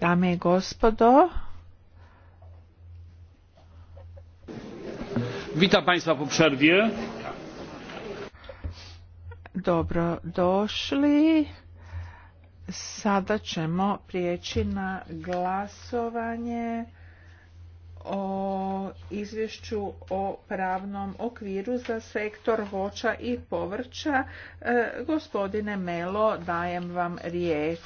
Dame i gospodo. Witam Państwa po przerwie. Dobro došli. Sada ćemo prijeći na glasovanje o izvješću o pravnom okviru za sektor voća i povrća. E, gospodine Melo, dajem vam riječ.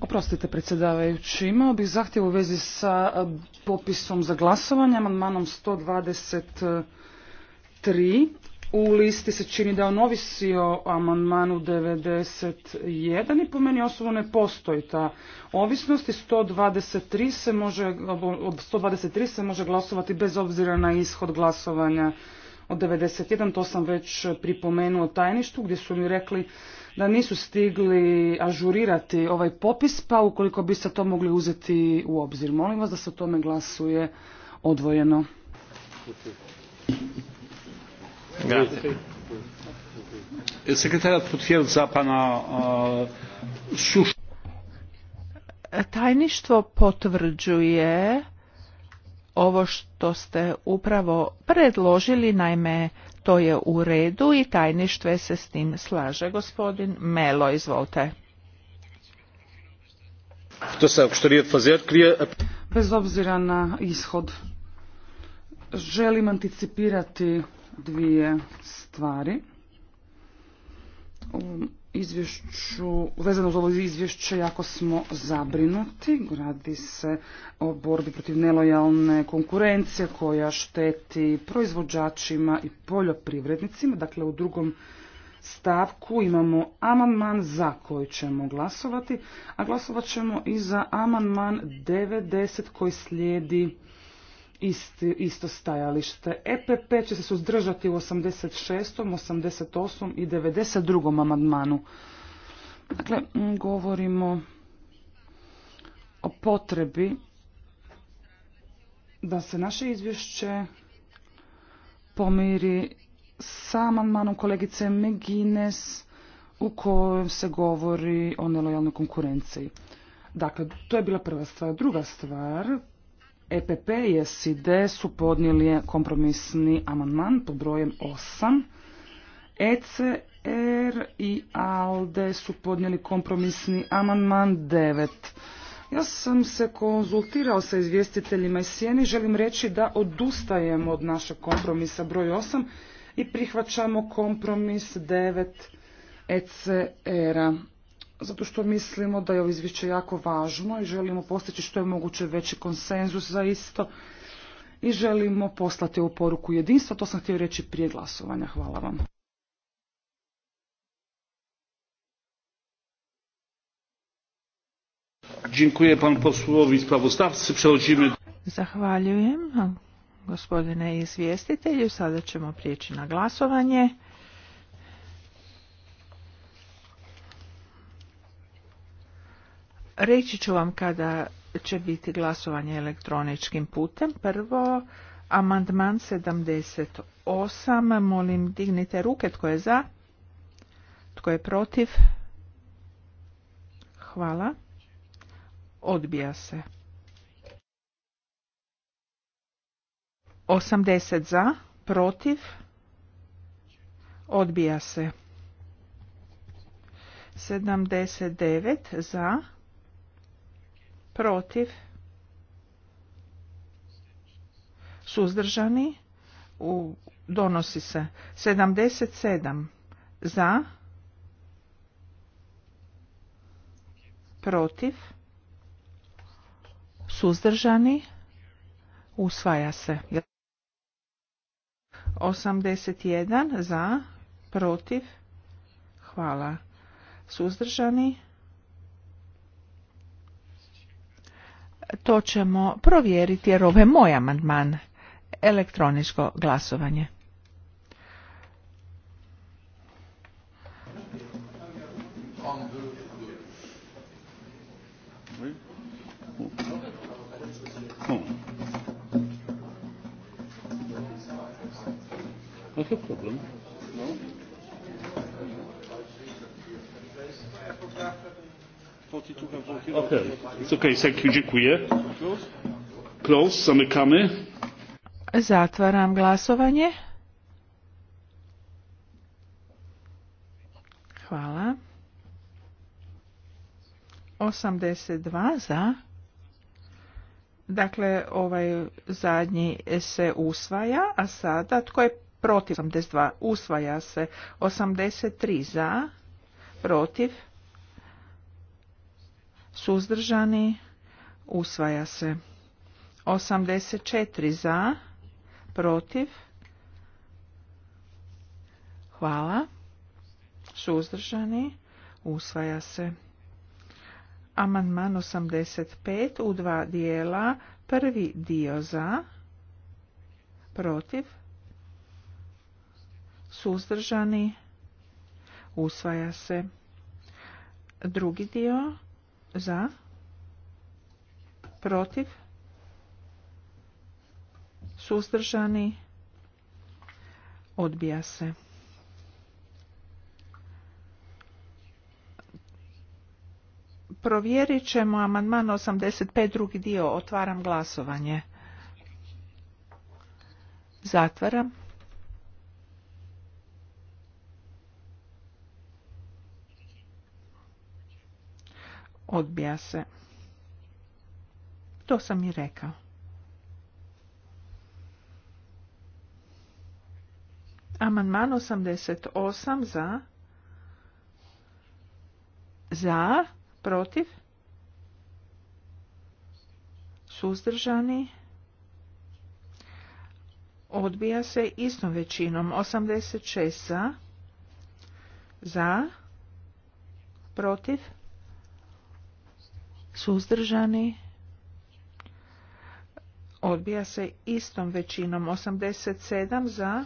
Oprostite predsjedavajući, imao bih zahtjev u vezi sa e, popisom za glasovanje, amandmanom 123 u listi se čini da on ovisi o amandmanu 91 i po meni osobno ne postoji ta ovisnost i 123 se može, 123 se može glasovati bez obzira na ishod glasovanja od 91, to sam već pripomenuo tajništu gdje su mi rekli da nisu stigli ažurirati ovaj popis, pa ukoliko bi se to mogli uzeti u obzir. Molim vas da se o tome glasuje odvojeno pana e, Tajništvo potvrđuje ovo što ste upravo predložili, naime to je u redu i tajništve se s tim slaže. Gospodin Melo, izvolite. E, Bez obzira na ishod, želim anticipirati dvije stvari. U izvješću, vezano uz ovo izvješće jako smo zabrinuti. Radi se o borbi protiv nelojalne konkurencije koja šteti proizvođačima i poljoprivrednicima. Dakle, u drugom stavku imamo amandman za koji ćemo glasovati, a glasovat ćemo i za amandman 90 koji slijedi isto stajalište. EPP će se suzdržati u 86., 88. i 92. amandmanu. Dakle, govorimo o potrebi da se naše izvješće pomiri sa amandmanom kolegice Megines u kojem se govori o nelojalnoj konkurenciji. Dakle, to je bila prva stvar. Druga stvar, EPP i SID su podnijeli kompromisni amandman pod brojem 8. ECR i ALDE su podnijeli kompromisni amandman 9. Ja sam se konzultirao sa izvjestiteljima iz Sjeni. Želim reći da odustajemo od našeg kompromisa broj 8 i prihvaćamo kompromis 9 ECR-a zato što mislimo da je ovo izvješće jako važno i želimo postići što je moguće veći konsenzus za isto i želimo poslati ovu poruku jedinstva. To sam htio reći prije glasovanja. Hvala vam. Dziękuję panu posłowi sprawozdawcy. Przechodzimy. Zahvaljujem gospodine izvjestitelju. Sada ćemo prijeći na glasovanje. Reći ću vam kada će biti glasovanje elektroničkim putem. Prvo, amandman 78. Molim, dignite ruke. Tko je za? Tko je protiv? Hvala. Odbija se. 80 za, protiv, odbija se. 79 za, protiv, suzdržani, u, donosi se 77 za, protiv, suzdržani, usvaja se. 81 za, protiv, hvala, suzdržani, to ćemo provjeriti jer ovo je moj amandman elektroničko glasovanje Okay. It's okay, thank you, dziękuję. Close, zamykamy. Zatvaram glasovanje. Hvala. 82 za. Dakle, ovaj zadnji se usvaja, a sada tko je protiv 82? Usvaja se 83 za, protiv suzdržani, usvaja se. 84 za, protiv, hvala, suzdržani, usvaja se. Amandman 85 u dva dijela, prvi dio za, protiv, suzdržani, usvaja se. Drugi dio za protiv suzdržani odbija se Provjerit ćemo amandman 85 drugi dio otvaram glasovanje zatvaram odbija se. To sam i rekao. Amandman 88 za za protiv suzdržani odbija se istom većinom 86 za za protiv suzdržani odbija se istom većinom 87 za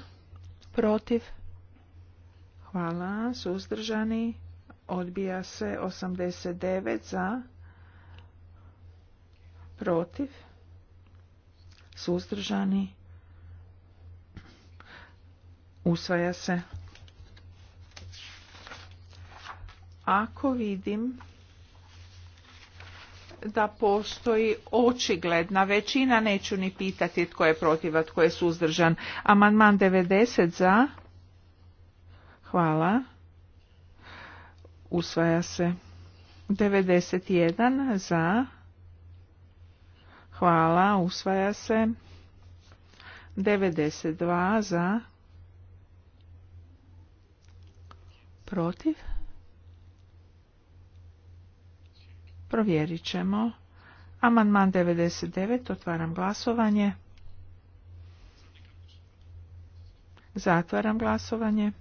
protiv hvala suzdržani odbija se 89 za protiv suzdržani usvaja se ako vidim da postoji očigledna većina, neću ni pitati tko je protiv, a tko je suzdržan. Amandman 90 za. Hvala. Usvaja se. 91 za. Hvala, usvaja se. 92 za. Protiv. Provjerit ćemo. Amandman 99. Otvaram glasovanje. Zatvaram glasovanje.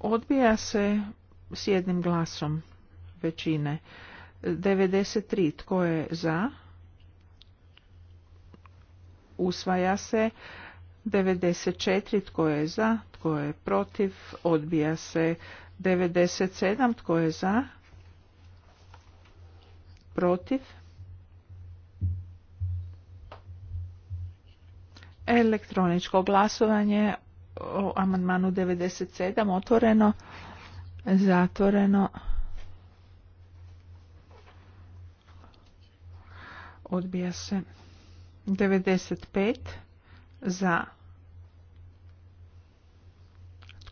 Odbija se s jednim glasom većine. 93. Tko je za? Usvaja se. 94. Tko je za? tko je protiv, odbija se 97, tko je za, protiv. Elektroničko glasovanje o amandmanu 97 otvoreno, zatvoreno. Odbija se 95 za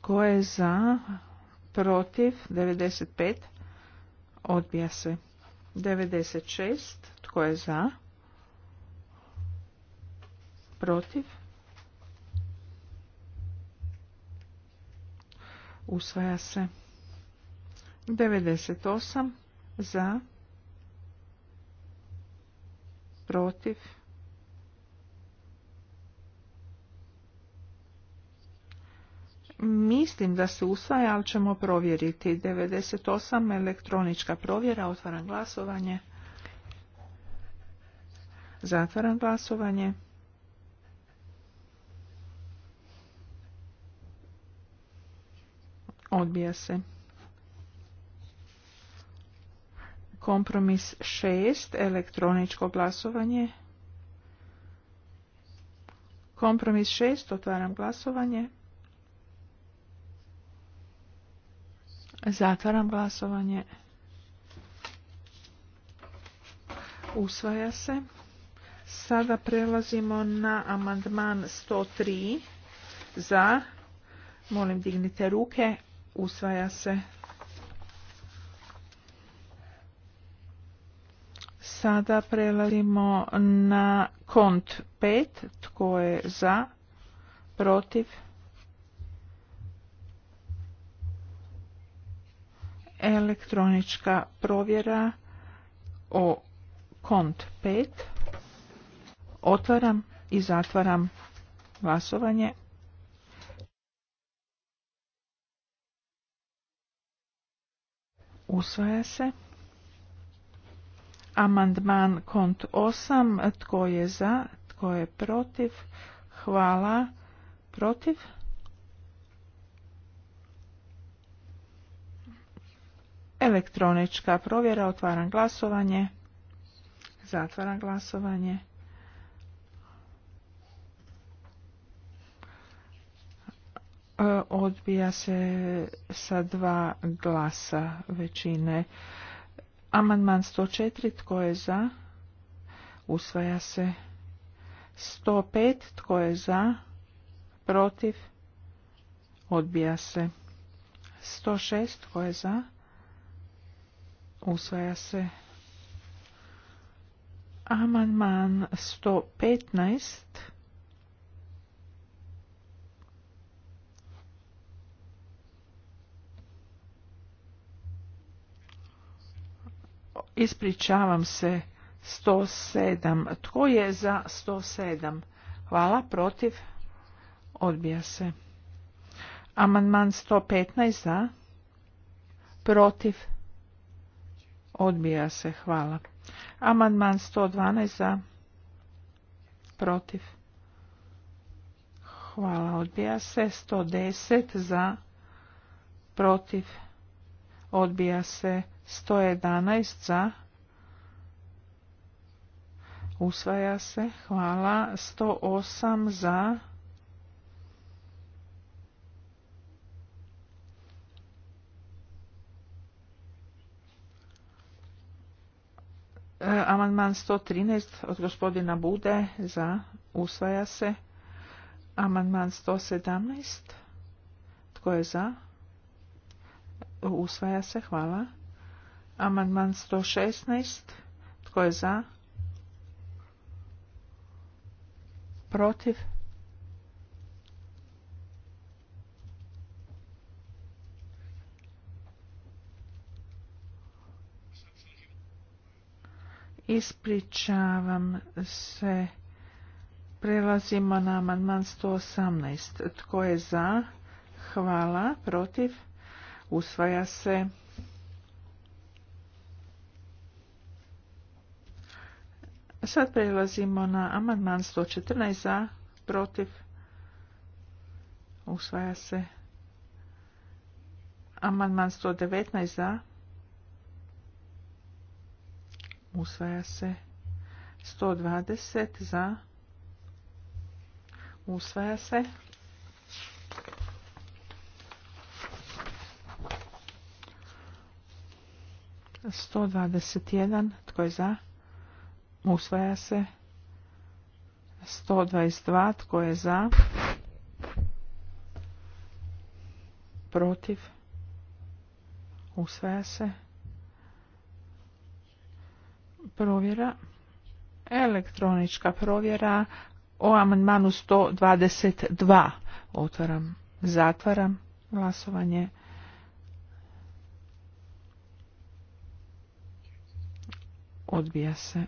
tko je za? Protiv? 95. Odbija se. 96. Tko je za? Protiv? Usvaja se. 98. Za? Protiv? Mislim da se usvaja, ali ćemo provjeriti. 98 elektronička provjera, otvaram glasovanje. Zatvaram glasovanje. Odbija se. Kompromis 6, elektroničko glasovanje. Kompromis 6, otvaram glasovanje. Zatvaram glasovanje. Usvaja se. Sada prelazimo na amandman 103 za. Molim dignite ruke. Usvaja se. Sada prelazimo na kont 5. Tko je za? Protiv? elektronička provjera o kont 5. Otvaram i zatvaram glasovanje. Usvaja se. Amandman kont 8. Tko je za? Tko je protiv? Hvala. Protiv? Elektronička provjera, otvaram glasovanje. Zatvaram glasovanje. E, odbija se sa dva glasa većine. Amandman 104, tko je za? Usvaja se. 105, tko je za? Protiv? Odbija se. 106, tko je za? usvaja se. Amandman 115 Ispričavam se 107. Tko je za 107? Hvala, protiv. Odbija se. Amandman 115 za. Protiv. Odbija se. Hvala. Amandman 112 za. Protiv. Hvala. Odbija se. 110 za. Protiv. Odbija se. 111 za. Usvaja se. Hvala. 108 za. Amandman 113 od gospodina Bude za usvaja se. Amandman 117. Tko je za? Usvaja se. Hvala. Amandman 116. Tko je za? Protiv? Ispričavam se. Prelazimo na amandman 118. Tko je za? Hvala. Protiv? Usvaja se. Sad prelazimo na amandman 114. Za? Protiv? Usvaja se. Amandman 119. Za? usvaja se 120 za usvaja se sto dvadeset jedan tko je za usvaja se sto dvadeset dva tko je za protiv usvaja se provjera, elektronička provjera o amandmanu 122. Otvaram, zatvaram glasovanje. Odbija se.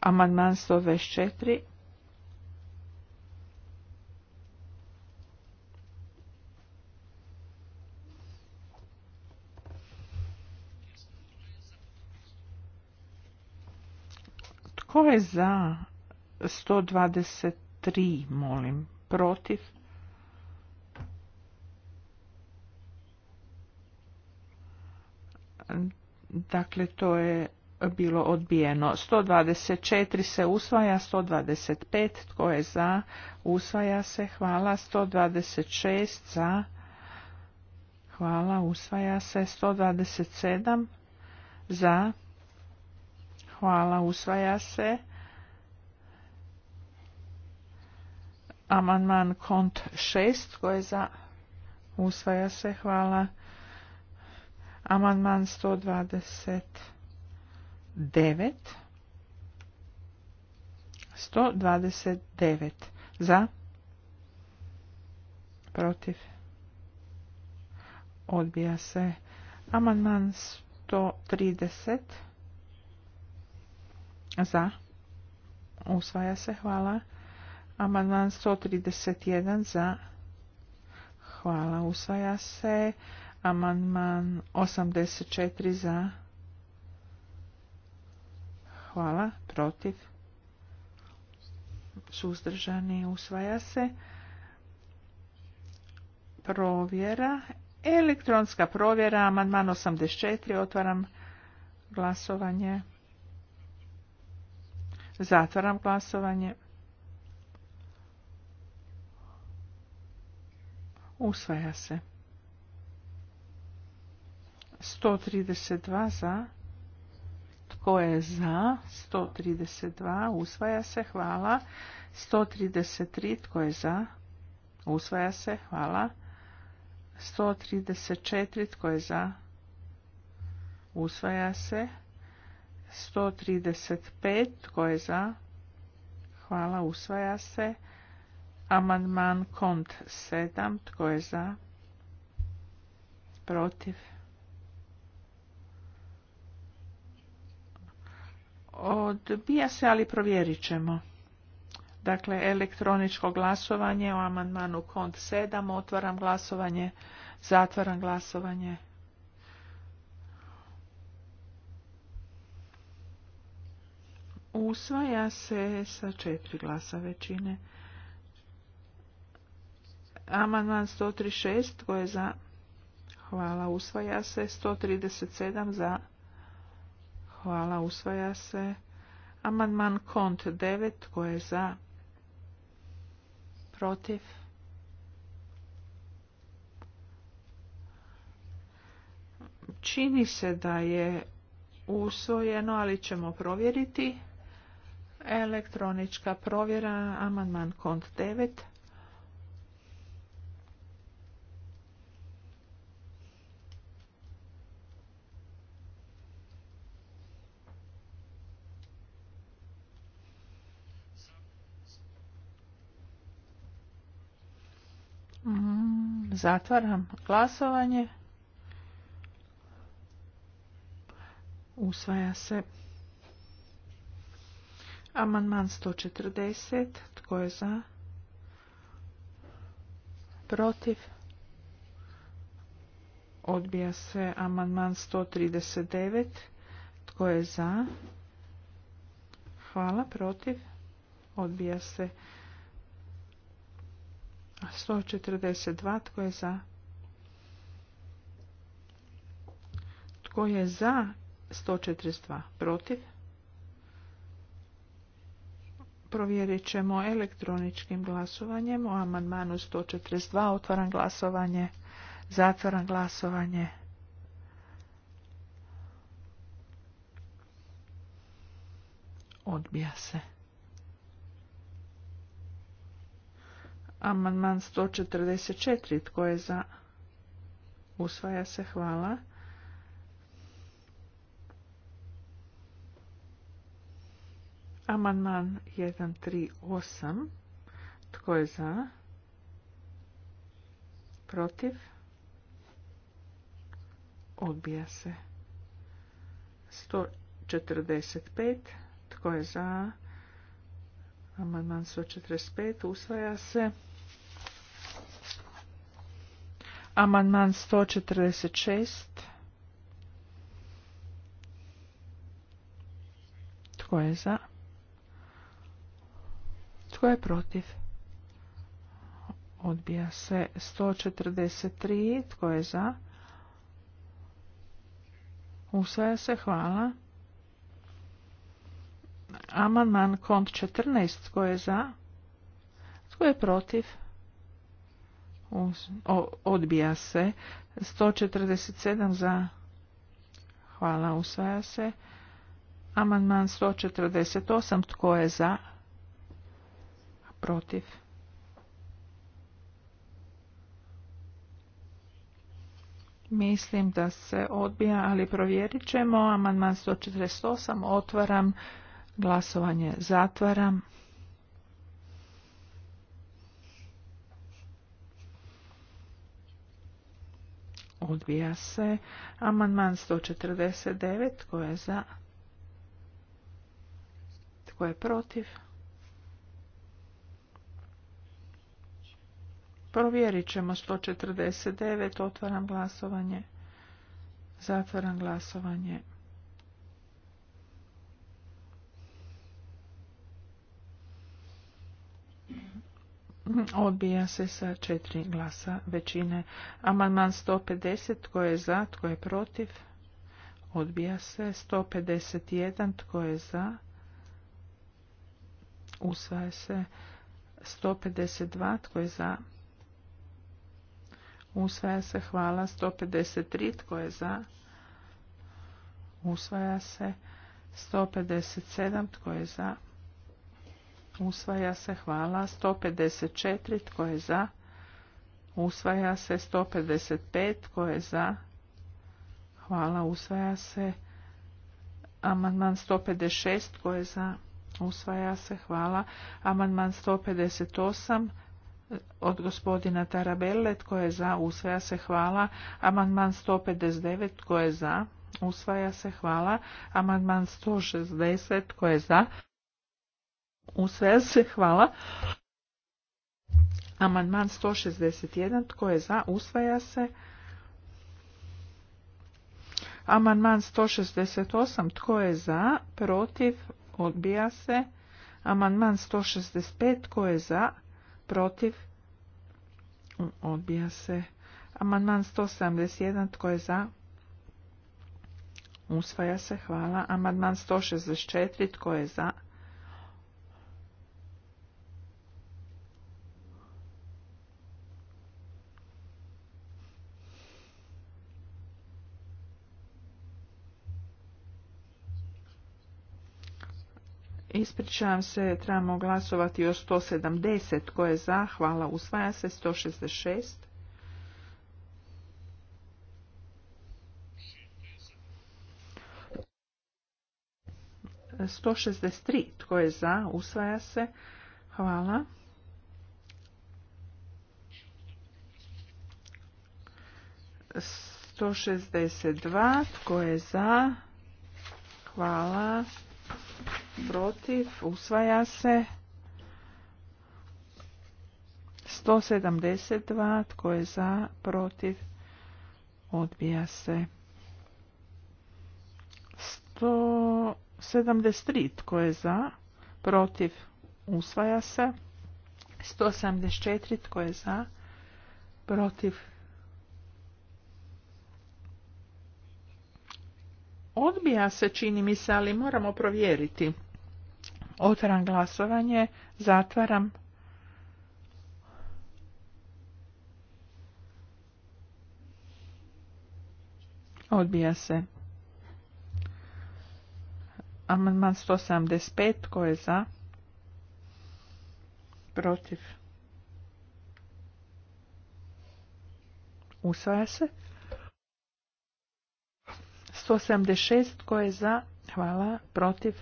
Amandman 124. Ko je za 123, molim, protiv? Dakle, to je bilo odbijeno. 124 se usvaja, 125 tko je za, usvaja se, hvala, 126 za, hvala, usvaja se, 127 za, Hvala, usvaja se. Amandman kont 6, tko je za? Usvaja se, hvala. Amandman 129. 129. Za? Protiv? Odbija se. Amandman 130. Za. Usvaja se. Hvala. Amandman 131 za. Hvala. Usvaja se. Amandman 84 za. Hvala. Protiv. Suzdržani. Usvaja se. Provjera. Elektronska provjera. Amandman 84. Otvaram glasovanje. Zatvaram glasovanje. Usvaja se. 132 za. Tko je za? 132. Usvaja se. Hvala. 133. Tko je za? Usvaja se. Hvala. 134. Tko je za? Usvaja se. 135. Tko je za? Hvala. Usvaja se. Amandman kont 7. Tko je za? Protiv. Odbija se, ali provjerit ćemo. Dakle, elektroničko glasovanje o amandmanu kont 7. Otvaram glasovanje. Zatvaram glasovanje. usvaja se sa četiri glasa većine. Amandman 136 tko je za hvala usvaja se 137 za hvala usvaja se Amandman kont 9 tko je za protiv Čini se da je usvojeno, ali ćemo provjeriti. Elektronička provjera, amandman kont 9. Mm, zatvaram glasovanje. Usvaja se. Amandman 140. Tko je za? Protiv? Odbija se amandman 139. Tko je za? Hvala. Protiv? Odbija se 142. Tko je za? Tko je za 142? Protiv? Provjerit ćemo elektroničkim glasovanjem o amandmanu 142. Otvaram glasovanje. Zatvaram glasovanje. Odbija se. Amandman 144. Tko je za? Usvaja se. Hvala. Amandman 138. Tko je za? Protiv? Odbija se. 145. Tko je za? Amandman 145. Usvaja se. Amandman 146. Tko je za? Tko je protiv? Odbija se 143. Tko je za? Usvaja se. Hvala. Amandman kont 14. Tko je za? Tko je protiv? Odbija se. 147 za. Hvala. Usvaja se. Amanman 148. Tko je za? protiv Mislim da se odbija, ali provjerit ćemo. Amandman 148 otvaram, glasovanje zatvaram. Odbija se. Amandman 149, tko je za? Tko je protiv? Provjerit ćemo 149. Otvaram glasovanje. Zatvaram glasovanje. Odbija se sa četiri glasa većine. Amandman 150. Tko je za? Tko je protiv? Odbija se. 151. Tko je za? Usvaje se. 152. Tko je za? Usvaja se hvala 153. Tko je za? Usvaja se 157. Tko je za? Usvaja se hvala 154. Tko je za? Usvaja se 155. Tko je za? Hvala. Usvaja se amandman 156. Tko je za? Usvaja se. Hvala. Amandman 158 od gospodina Tarabelle, tko je za, usvaja se, hvala. Amandman 159, tko je za, usvaja se, hvala. Amandman 160, tko je za, usvaja se, hvala. Amandman 161, tko je za, usvaja se. Amandman 168, tko je za, protiv, odbija se. Amandman 165, tko je za, protiv, odbija se. Amandman 171, tko je za? Usvaja se, hvala. Amandman 164, tko je za? Ispričavam se, trebamo glasovati o 170 koje je za, hvala, usvaja se 166. 163. Tko je za? Usvaja se. Hvala. Sto šestdeset dva. Tko je za? Hvala protiv, usvaja se. 172, tko je za, protiv, odbija se. 173, tko je za, protiv, usvaja se. 174, tko je za, protiv, odbija se, čini mi se, ali moramo provjeriti. Otvaram glasovanje, zatvaram. Odbija se. Amandman 175, tko je za? Protiv. Usvaja se. 176, tko je za? Hvala. Protiv.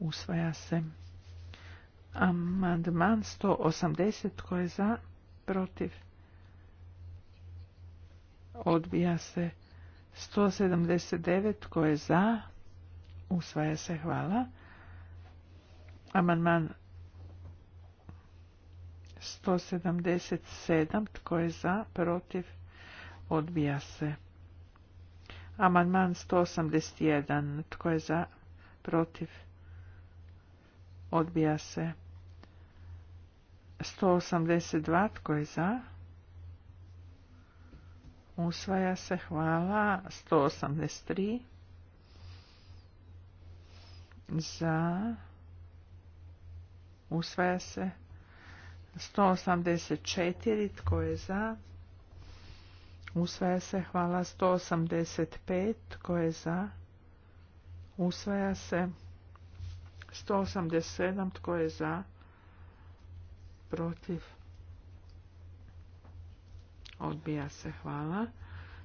Usvaja se. Amandman 180 tko je za, protiv. Odbija se. 179 tko je za, usvaja se. Hvala. Amandman 177 tko je za, protiv. Odbija se. Amandman 181 tko je za, protiv. Odbija se. 182. Tko je za? Usvaja se. Hvala. 183. Za. Usvaja se. 184. Tko je za? Usvaja se. Hvala. 185. Tko je za? Usvaja se. 187. Tko je za? Protiv? Odbija se. Hvala.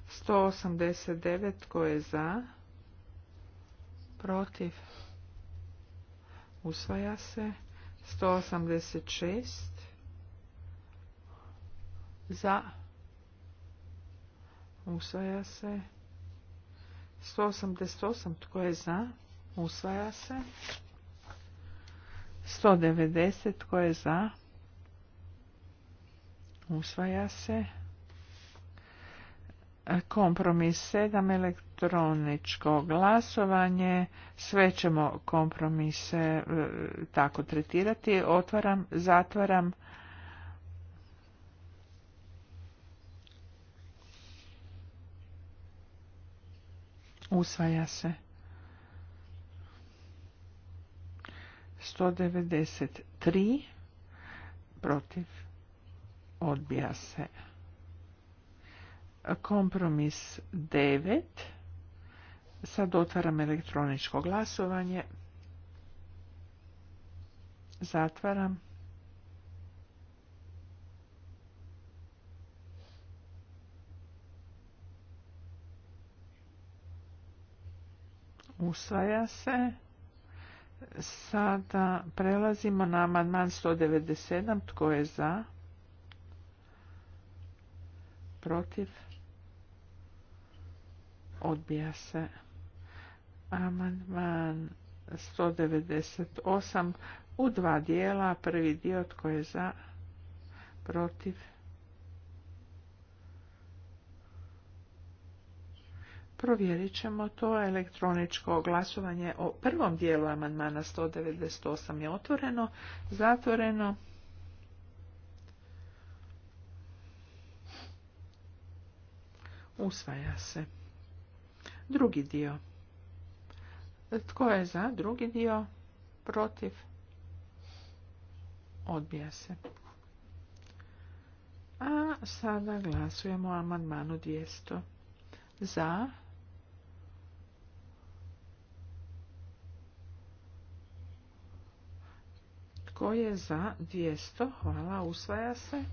189. Tko je za? Protiv? Usvaja se. 186. Za? Usvaja se. 188. Tko je za? Usvaja se. 190 tko je za usvaja se kompromis 7 elektroničko glasovanje sve ćemo kompromise e, tako tretirati otvaram zatvaram usvaja se 193 protiv odbija se kompromis 9 sad otvaram elektroničko glasovanje zatvaram usvaja se Sada prelazimo na amandman 197. Tko je za? Protiv? Odbija se. Amandman 198. U dva dijela. Prvi dio tko je za? Protiv? Provjerit ćemo to. Elektroničko glasovanje o prvom dijelu amandmana 198 je otvoreno, zatvoreno. Usvaja se. Drugi dio. Tko je za drugi dio? Protiv? Odbija se. A sada glasujemo o amandmanu 200. Za? Tko je za 200? Hvala, usvaja se.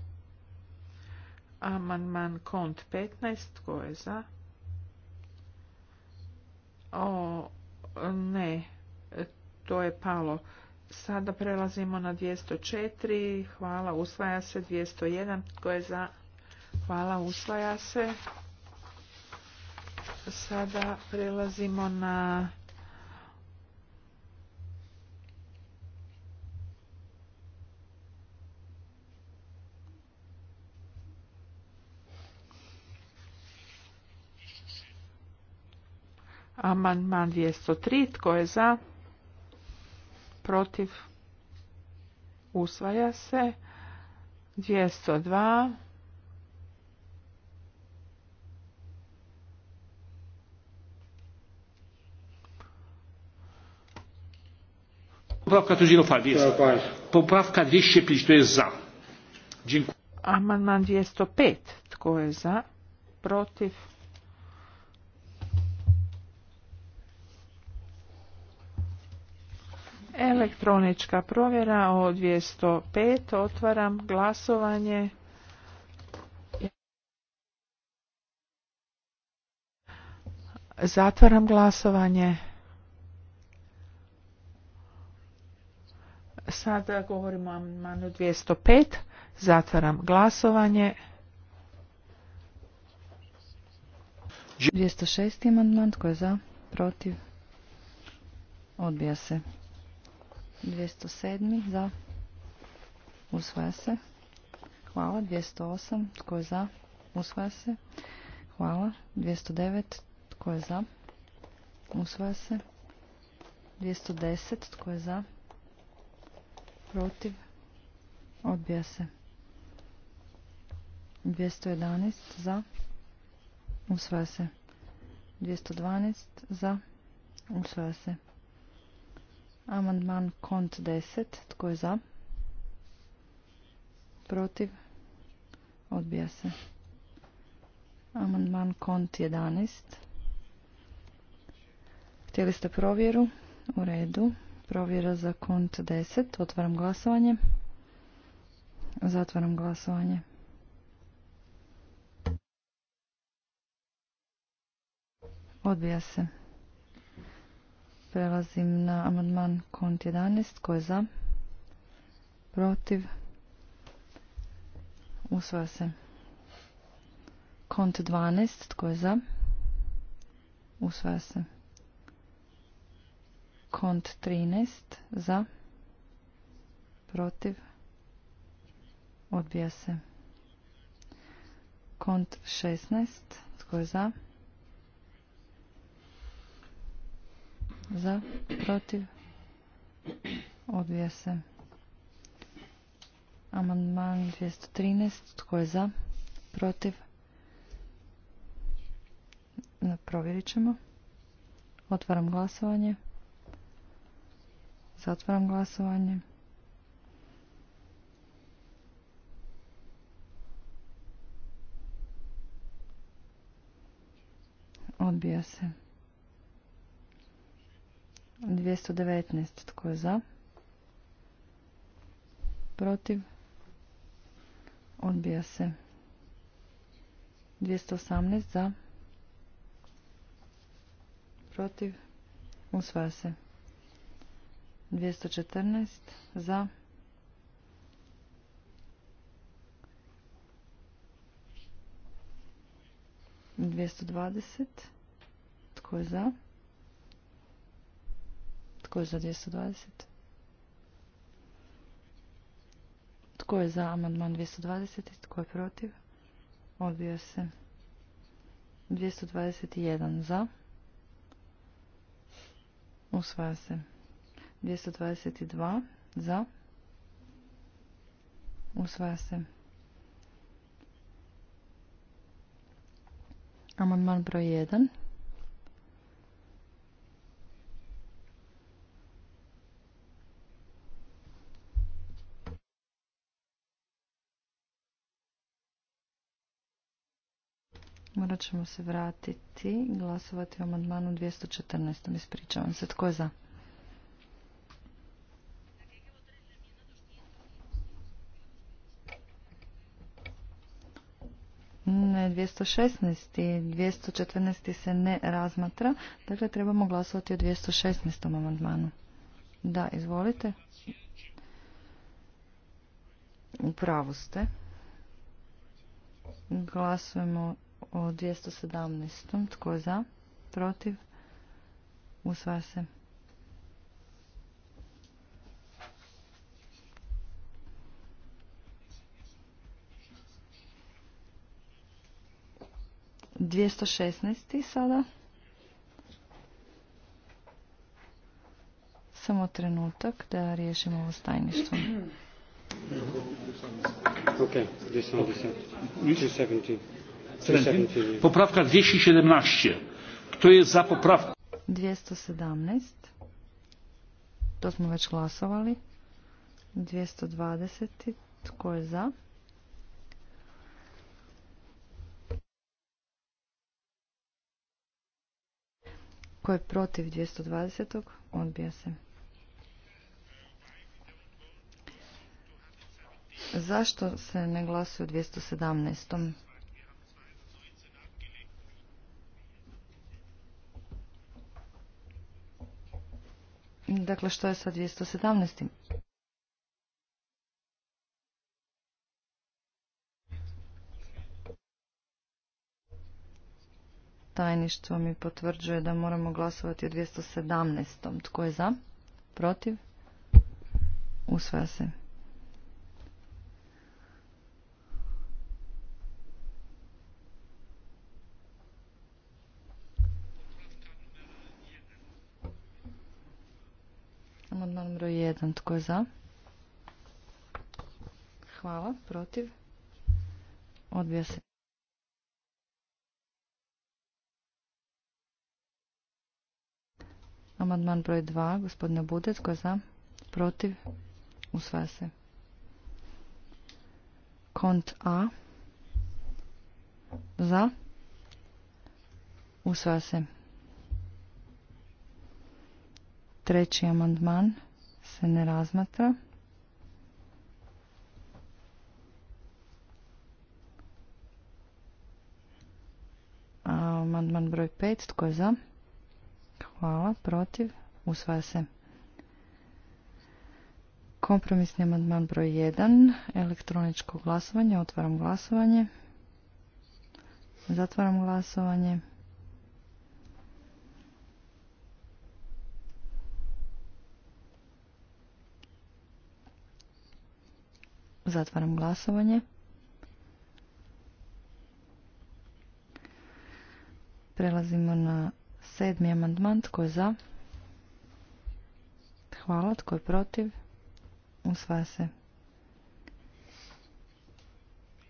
Amanman, kont 15. Tko je za? O, ne, to je palo. Sada prelazimo na 204. Hvala, usvaja se. 201. Tko je za? Hvala, usvaja se. Sada prelazimo na Amandman 203. Tko je za? Protiv? Usvaja se. 202. Poprawka Tuzinofal jest. Poprawka 205 to jest za. Dziękuję. Amandman 205. Tko je za? Protiv? Elektronička provjera o 205. Otvaram glasovanje. Zatvaram glasovanje. Sada govorimo o amandmanu 205. Zatvaram glasovanje. 206. amandman. Tko je za? Protiv? Odbija se. 207. Za. Usvaja se. Hvala. 208. Tko je za? Usvaja se. Hvala. 209. Tko je za? Usvaja se. 210. Tko je za? Protiv. Odbija se. 211. Za. Usvaja se. 212. Za. Usvaja se. Amandman kont 10. Tko je za? Protiv? Odbija se. Amandman kont 11. Htjeli ste provjeru? U redu. Provjera za kont 10. Otvaram glasovanje. Zatvaram glasovanje. Odbija se. Prelazim na amandman kont 11. Ko je za? Protiv? Usvaja se. Kont 12. Tko je za? Usvaja se. Kont 13. Za? Protiv? Odbija se. Kont 16. Tko je za? za, protiv, odbija se. Amandman 213, tko je za, protiv, provjerit ćemo. Otvaram glasovanje. Zatvaram glasovanje. Odbija se. 219. Tko je za? Protiv? Odbija se. 218. Za? Protiv? Usvaja se. 214. Za? 220, dvadeset. Tko je za? Tko je za 220? Tko je za amandman 220? Tko je protiv? Odbija se. 221 za. Usvaja se. 222 za. Usvaja se. Amandman broj 1 Morat ćemo se vratiti, glasovati o amandmanu 214. Ispričavam se. Tko je za? Ne, 216. 214. se ne razmatra. Dakle, trebamo glasovati o 216. amandmanu. Da, izvolite. U pravu ste. Glasujemo o 217. Tko je za? Protiv? Usvaja se. Dvijesto šestnesti sada. Samo trenutak da riješimo ovo stajništvo. Ok, 217. Poprawka 217. Kto jest za poprawką? 217. To smo već glasovali. 220. Tko je za? Tko je protiv 220. Odbija se. Zašto se ne glasuje u 217. Dakle, što je sa 217. Tajništvo mi potvrđuje da moramo glasovati o 217. Tko je za? Protiv? Usvaja se. broj 1. Tko je za? Hvala. Protiv? Odbija se. Amandman broj 2. Gospodine Bude. Tko je za? Protiv? Usvaja se. Kont A. Za? Usvaja se. Treći amandman se ne razmatra. Amandman broj 5. Tko je za? Hvala. Protiv? Usvaja se. Kompromisni amandman broj 1. Elektroničko glasovanje. Otvaram glasovanje. Zatvaram glasovanje. Zatvaram glasovanje. Prelazimo na sedmi amandman. Tko je za? Hvala. Tko je protiv? Usvaja se.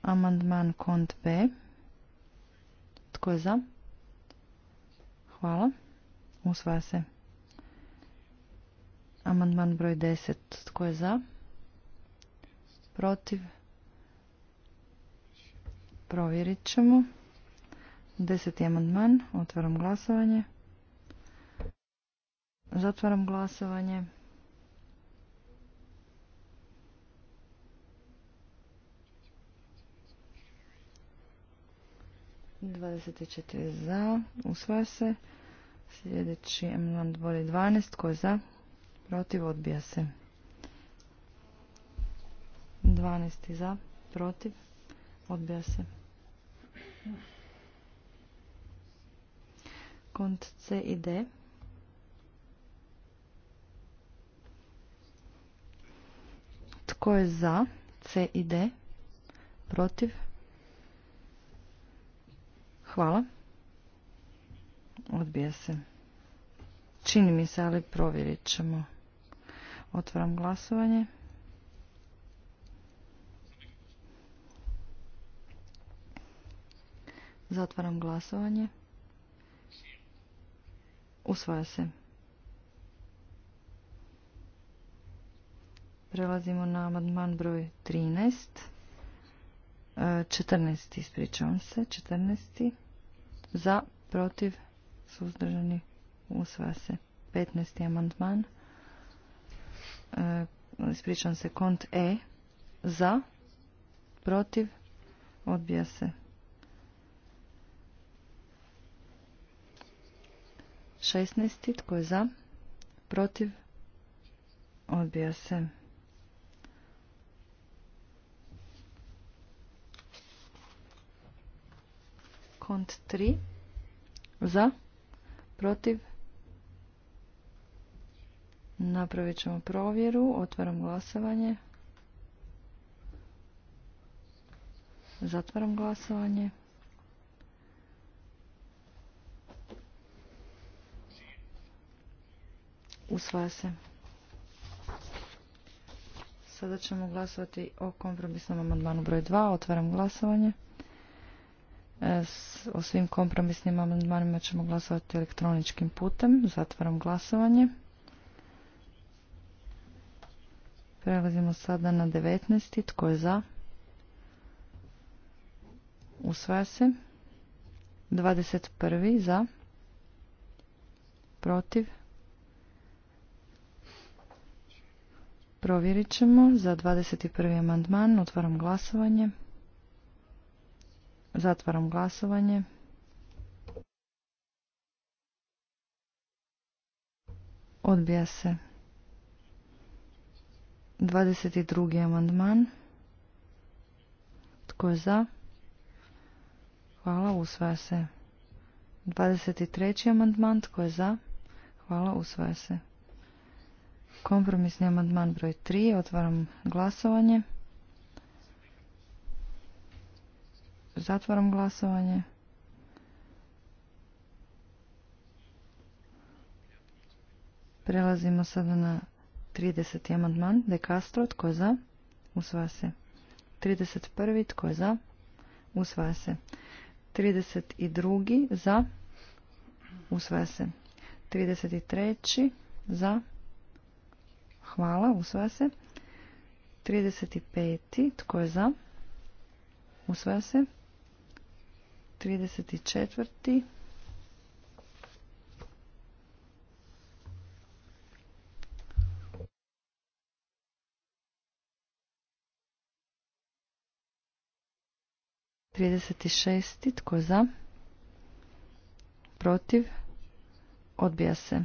Amandman kont B. Tko je za? Hvala. Usvaja se. Amandman broj 10. Tko je za? protiv, provjerit ćemo. Deseti amandman, otvaram glasovanje. Zatvaram glasovanje. Dvadeset četiri za, usvaja se. Sljedeći amandman dvori dvanest tko je za? Protiv, odbija se. 12. za, protiv, odbija se. Kont C i D. Tko je za C i D? Protiv? Hvala. Odbija se. Čini mi se, ali provjerit ćemo. Otvaram glasovanje. Zatvaram glasovanje. Usvaja se. Prelazimo na amandman broj 13. 14. E, ispričavam se. 14. Za, protiv, suzdržani, usvaja se. 15. amandman. E, ispričavam se kont E. Za, protiv, odbija se. 16. Tko je za? Protiv? Odbija se. Kont 3. Za? Protiv? Napravit ćemo provjeru. Otvaram glasovanje. Zatvaram glasovanje. Usvaja se. Sada ćemo glasovati o kompromisnom amandmanu broj 2. Otvaram glasovanje. E, o svim kompromisnim amandmanima ćemo glasovati elektroničkim putem. Zatvaram glasovanje. Prelazimo sada na 19. Tko je za? Usvaja se. 21. Za. Protiv. Provjerit ćemo za 21. amandman. Otvaram glasovanje. Zatvaram glasovanje. Odbija se. 22. amandman. Tko je za? Hvala, usvaja se. 23. amandman. Tko je za? Hvala, usvaja se. Kompromisni amandman broj 3. Otvaram glasovanje. Zatvaram glasovanje. Prelazimo sada na 30. amandman. De Castro, tko je za? Usvaja se. 31. tko je za? Usvaja se. 32. za? Usvaja se. 33. za? Hvala, usvaja se. 35. Tko je za? Usvaja se. 34. 36. Tko je za? Protiv? Odbija se.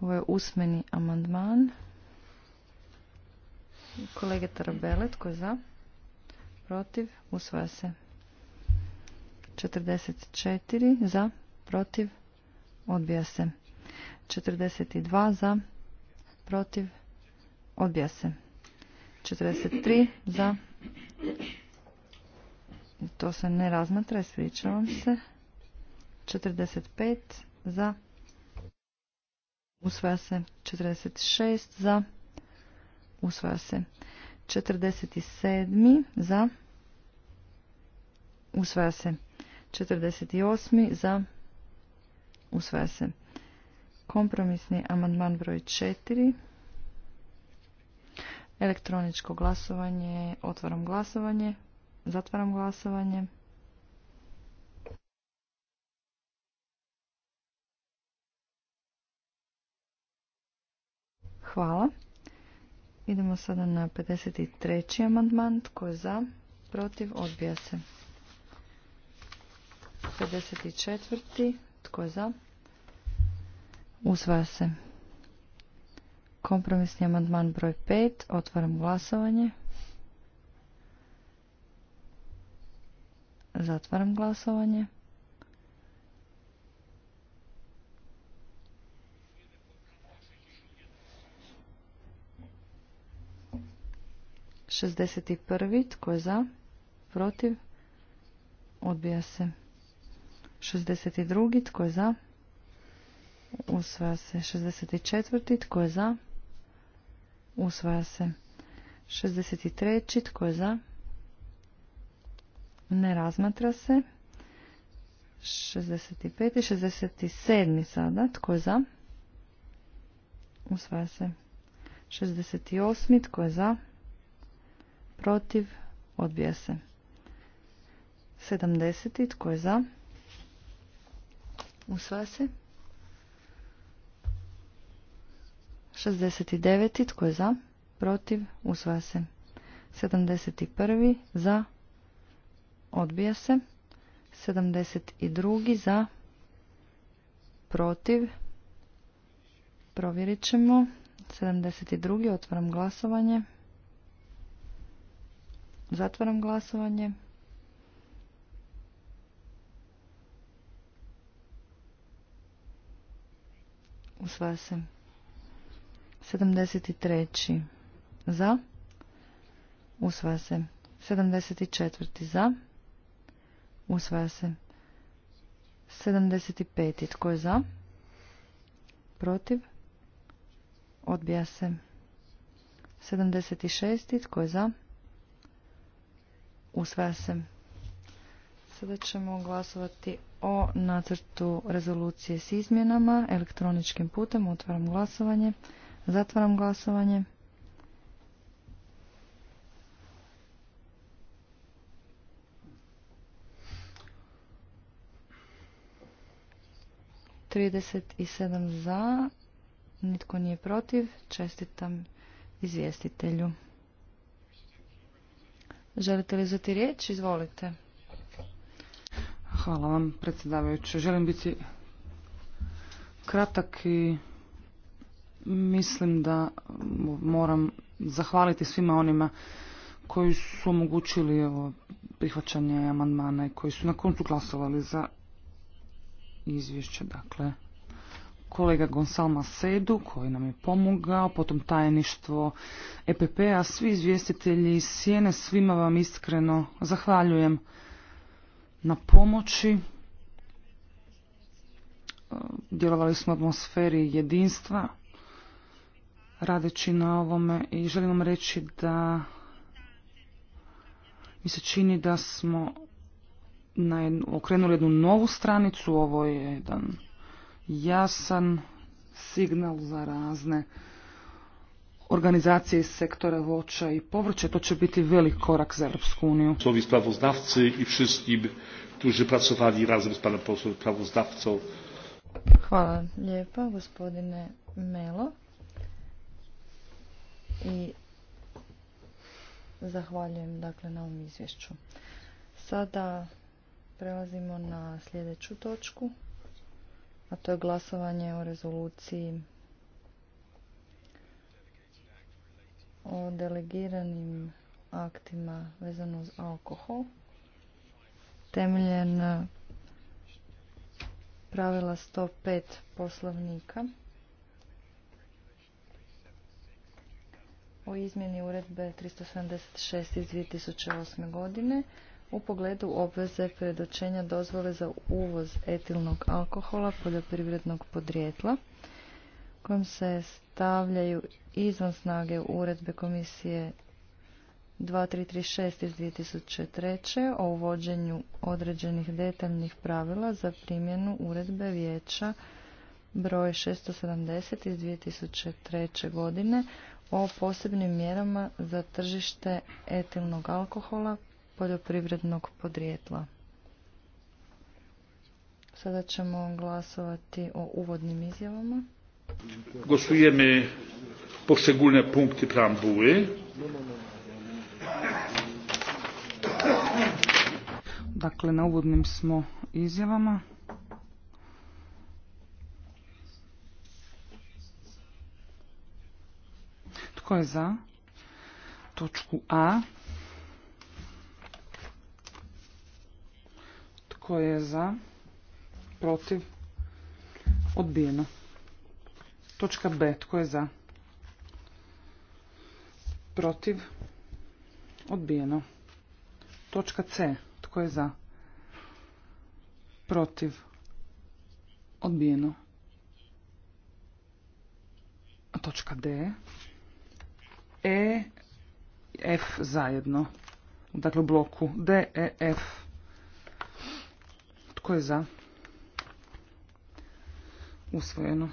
Ovo je usmeni amandman. Kolege Tarabele, tko je za? Protiv? Usvaja se. 44 za, protiv, odbija se. 42 za, protiv, odbija se. 43 za, to se ne razmatra, ispričavam se. 45 za, Usvaja se 46 za. Usvaja se 47 za. Usvaja se 48 za. Usvaja se kompromisni amandman broj 4. Elektroničko glasovanje. Otvaram glasovanje. Zatvaram glasovanje. Hvala. Idemo sada na 53. amandman. Tko je za? Protiv? Odbija se. 54. Tko je za? Usvaja se. Kompromisni amandman broj 5. Otvaram glasovanje. Zatvaram glasovanje. 61. Tko je za? Protiv? Odbija se. 62. Tko je za? Usvaja se. 64. Tko je za? Usvaja se. 63. Tko je za? Ne razmatra se. 65. 67. sada. Tko je za? Usvaja se. 68. Tko je za? protiv, odbija se. 70. Tko je za? Usvaja se. 69. Tko je za? Protiv. Usvaja se. 71. Za. Odbija se. 72. Za. Protiv. Provjerit ćemo. 72. Otvaram glasovanje. Zatvaram glasovanje. Usvaja se. 73. Za. Usvaja se. 74. Za. Usvaja se. 75. Tko je za? Protiv? Odbija se. 76. Tko je za? Usvaja se. Sada ćemo glasovati o nacrtu rezolucije s izmjenama elektroničkim putem. Otvaram glasovanje. Zatvaram glasovanje. Trideset sedam za, nitko nije protiv. Čestitam izvjestitelju. Želite li uzeti riječ? Izvolite. Hvala vam, predsjedavajući. Želim biti kratak i mislim da moram zahvaliti svima onima koji su omogućili ovo prihvaćanje amandmana i koji su na koncu glasovali za izvješće. Dakle, kolega Gonsalma Sedu koji nam je pomogao, potom tajništvo EPP-a, svi izvjestitelji iz Sjene, svima vam iskreno zahvaljujem na pomoći. Djelovali smo u atmosferi jedinstva radeći na ovome i želim vam reći da mi se čini da smo na okrenuli jednu novu stranicu, ovo je jedan jasan signal za razne organizacije iz sektora voća i povrća. To će biti velik korak za Europsku uniju. Sovi spravoznavci i wszystkim, którzy pracowali razem z panem posłem Hvala lijepa, gospodine Melo. I zahvaljujem dakle na ovom izvješću. Sada prelazimo na sljedeću točku a to je glasovanje o rezoluciji o delegiranim aktima vezano uz alkohol temeljen pravila 105 poslovnika o izmjeni uredbe 376 iz 2008. godine u pogledu obveze predočenja dozvole za uvoz etilnog alkohola poljoprivrednog podrijetla kojom se stavljaju izvan snage uredbe komisije 2336 iz 2003. o uvođenju određenih detaljnih pravila za primjenu uredbe vijeća broj 670 iz 2003. godine o posebnim mjerama za tržište etilnog alkohola poljoprivrednog podrijetla. Sada ćemo glasovati o uvodnim izjavama. Głosujemy poszczególne punkty preambuły. Dakle, na uvodnim smo izjavama. Tko je za? Točku A. Tko je za? Protiv? Odbijeno. Točka B. Tko je za? Protiv? Odbijeno. Točka C. Tko je za? Protiv? Odbijeno. Točka D. E, F zajedno. Dakle, u bloku D, E, F. Tko je za? Usvojeno.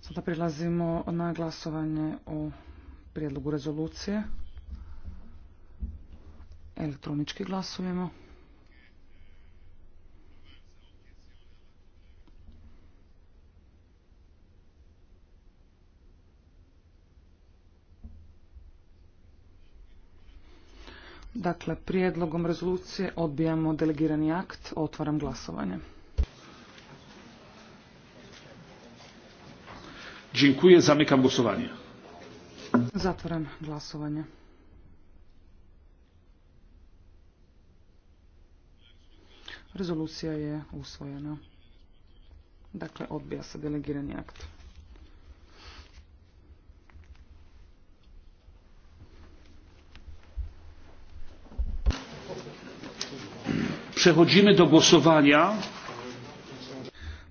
Sada prilazimo na glasovanje o prijedlogu rezolucije. Elektronički glasujemo. Dakle, prijedlogom rezolucije odbijamo delegirani akt. Otvaram glasovanje. Dziękuję, zamykam głosowanie. Zatvaram glasovanje. Rezolucija je usvojena. Dakle, odbija se delegirani akt. Przechodzimy do głosowania.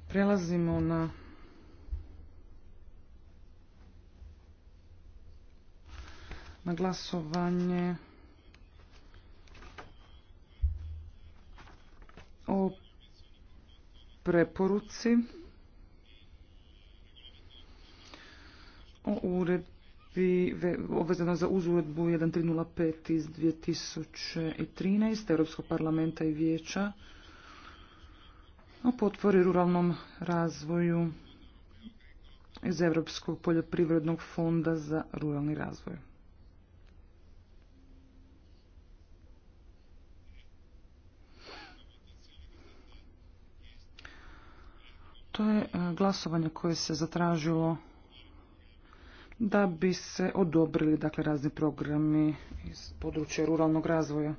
przechodzimy na na głosowanie o preporucji o uredbi uredbi obvezano za uz uredbu 1305 iz 2013 Europskog parlamenta i vijeća o potvori ruralnom razvoju iz Europskog poljoprivrednog fonda za ruralni razvoj. To je e, glasovanje koje se zatražilo da bi se odobrili dakle, razni programi iz područja ruralnog razvoja.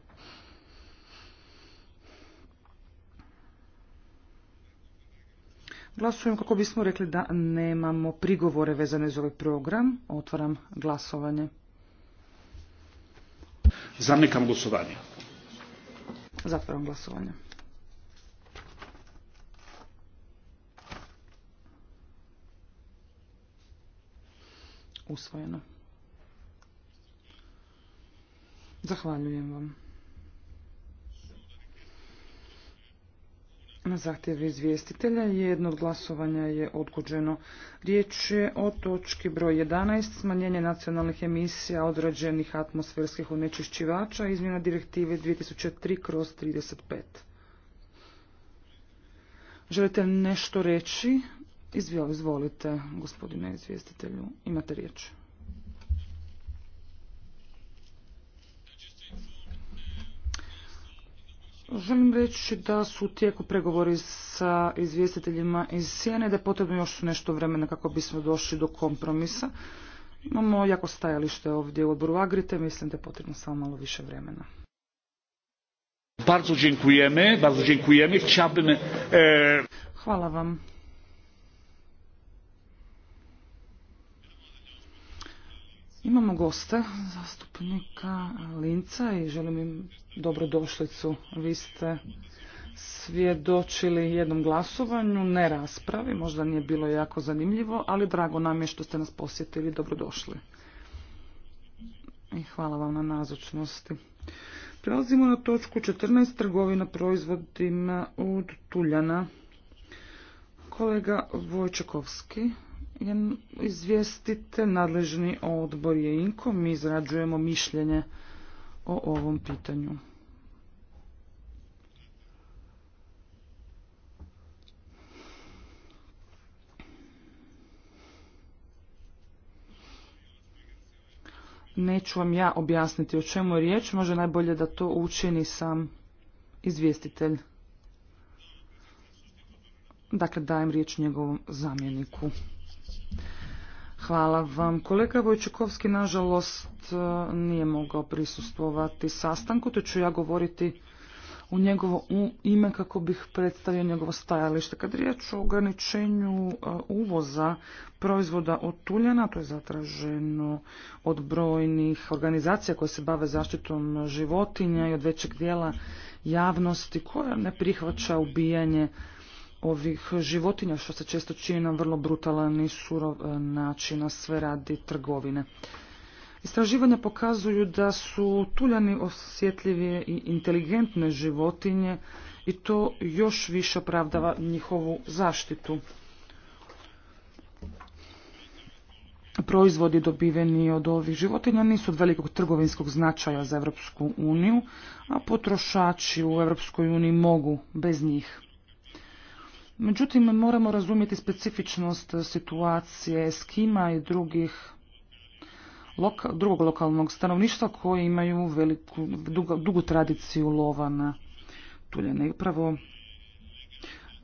Glasujem kako bismo rekli da nemamo prigovore vezane za ovaj program. Otvaram glasovanje. Zamikam glasovanje. Zatvaram glasovanje. usvojeno. Zahvaljujem vam. Na zahtjev izvjestitelja jedno od glasovanja je odgođeno. Riječ je o točki broj 11, smanjenje nacionalnih emisija odrađenih atmosferskih onečišćivača, izmjena direktive 2003 kroz 35. Želite nešto reći Izvolite, gospodine izvjestitelju, imate riječ. Želim reći da su u tijeku pregovori sa izvjestiteljima iz Sijene, da je potrebno još nešto vremena kako bismo došli do kompromisa. Imamo jako stajalište ovdje u odboru Agrite, mislim da je potrebno samo malo više vremena. Bardzo e, Hvala vam. Imamo gosta, zastupnika Linca i želim im dobrodošlicu. Vi ste svjedočili jednom glasovanju, ne raspravi, možda nije bilo jako zanimljivo, ali drago nam je što ste nas posjetili, dobrodošli. I hvala vam na nazočnosti. Prelazimo na točku 14. trgovina proizvodima od tuljana. Kolega Vojčakovski izvijestite, nadležni odbor je INKO, mi izrađujemo mišljenje o ovom pitanju. Neću vam ja objasniti o čemu je riječ, može najbolje da to učini sam izvjestitelj. Dakle, dajem riječ njegovom zamjeniku. Hvala vam. Kolega Vojčukovski, nažalost, e, nije mogao prisustvovati sastanku, te ću ja govoriti u njegovo ime kako bih predstavio njegovo stajalište. Kad riječ o ograničenju e, uvoza proizvoda od tuljana, to je zatraženo od brojnih organizacija koje se bave zaštitom životinja i od većeg dijela javnosti koja ne prihvaća ubijanje ovih životinja, što se često čini na vrlo brutalan i surov e, način, na sve radi trgovine. Istraživanja pokazuju da su tuljani osjetljivije i inteligentne životinje i to još više opravdava njihovu zaštitu. Proizvodi dobiveni od ovih životinja nisu od velikog trgovinskog značaja za Europsku uniju, a potrošači u Europskoj uniji mogu bez njih Međutim, moramo razumjeti specifičnost situacije kima i drugih loka, drugog lokalnog stanovništva koji imaju veliku, dugu, tradiciju lova na tuljene. I upravo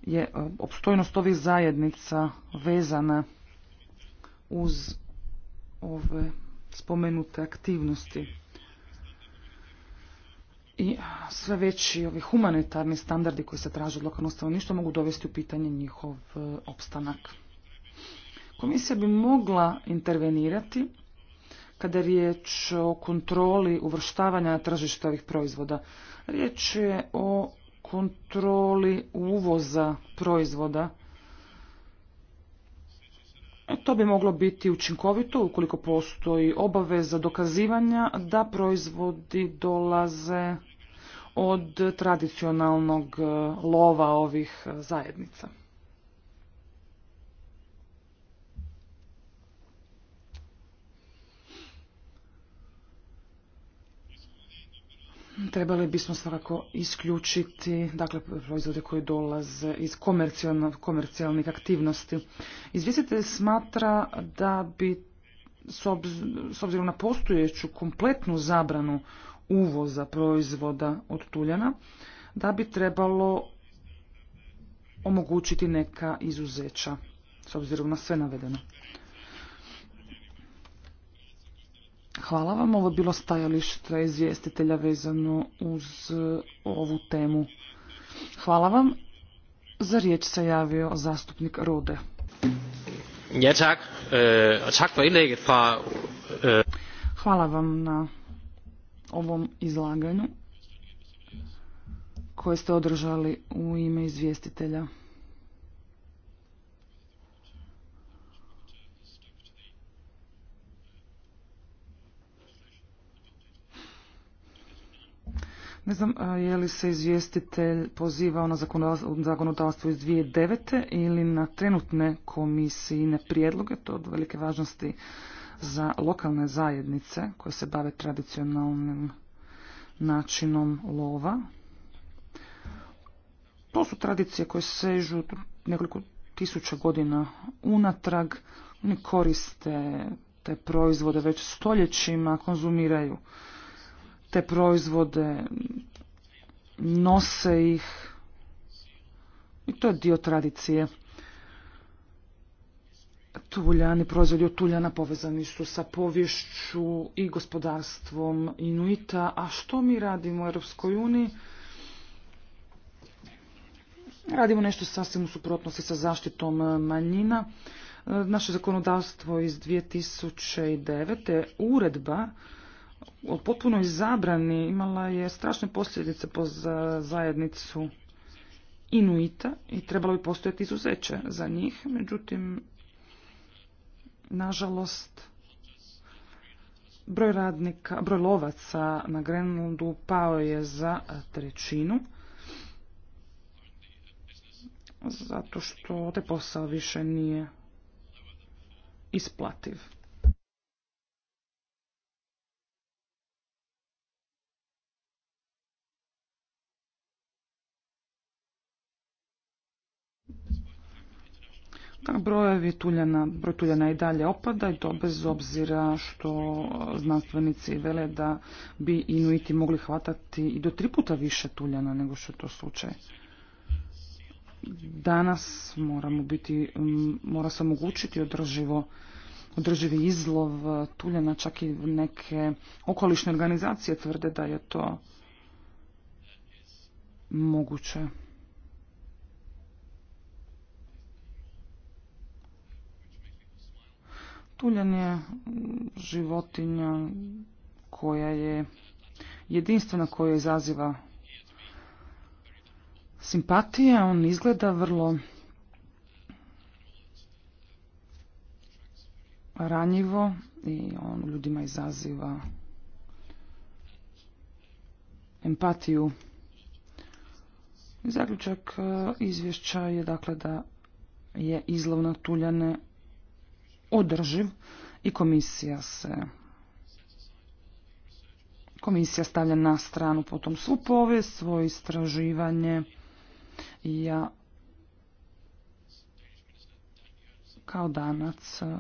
je e, opstojnost ovih zajednica vezana uz ove spomenute aktivnosti i sve veći ovi humanitarni standardi koji se traže od lokalnog stanovništva mogu dovesti u pitanje njihov e, opstanak. Komisija bi mogla intervenirati kada je riječ o kontroli uvrštavanja na ovih proizvoda. Riječ je o kontroli uvoza proizvoda to bi moglo biti učinkovito ukoliko postoji obaveza dokazivanja da proizvodi dolaze od tradicionalnog eh, lova ovih eh, zajednica. Trebali bismo svakako isključiti dakle, proizvode koji dolaze iz komercijalnih aktivnosti. Izvjestitelj smatra da bi s obzirom na postojeću kompletnu zabranu uvoza proizvoda od tuljana, da bi trebalo omogućiti neka izuzeća s obzirom na sve navedeno. Hvala vam. Ovo je bilo stajalište izvjestitelja vezano uz e, ovu temu. Hvala vam. Za riječ se javio zastupnik Rode. Ja, tak. E, tak fra... E. Hvala vam na ovom izlaganju koje ste održali u ime izvjestitelja. Ne znam je li se izvjestitelj pozivao ono na zakonodavstvo iz 2009. ili na trenutne komisijine prijedloge, to od velike važnosti za lokalne zajednice koje se bave tradicionalnim načinom lova. To su tradicije koje sežu nekoliko tisuća godina unatrag. Oni koriste te proizvode već stoljećima, konzumiraju te proizvode, nose ih i to je dio tradicije. Tuljani, proizvodi od tuljana povezani su sa povješću i gospodarstvom Inuita. A što mi radimo u Europskoj uniji? Radimo nešto sasvim u suprotnosti sa zaštitom manjina. Naše zakonodavstvo iz 2009. uredba o potpunoj zabrani imala je strašne posljedice po zajednicu Inuita i trebalo bi postojati izuzeće za njih. Međutim, nažalost, broj radnika, broj lovaca na Grenlandu pao je za trećinu zato što te posao više nije isplativ. Brojevi tuljana, broj tuljana i dalje opada i to bez obzira što znanstvenici vele da bi inuiti mogli hvatati i do tri puta više tuljana nego što je to slučaj. Danas moramo biti, mora se omogućiti održivo održivi izlov tuljana, čak i neke okolišne organizacije tvrde da je to moguće. Tuljan je životinja koja je jedinstvena, koja izaziva simpatije. On izgleda vrlo ranjivo i on ljudima izaziva empatiju. Zaključak e, izvješća je dakle da je izlov tuljane održiv i komisija se komisija stavlja na stranu potom svu povijest, svoje istraživanje i ja kao danac e,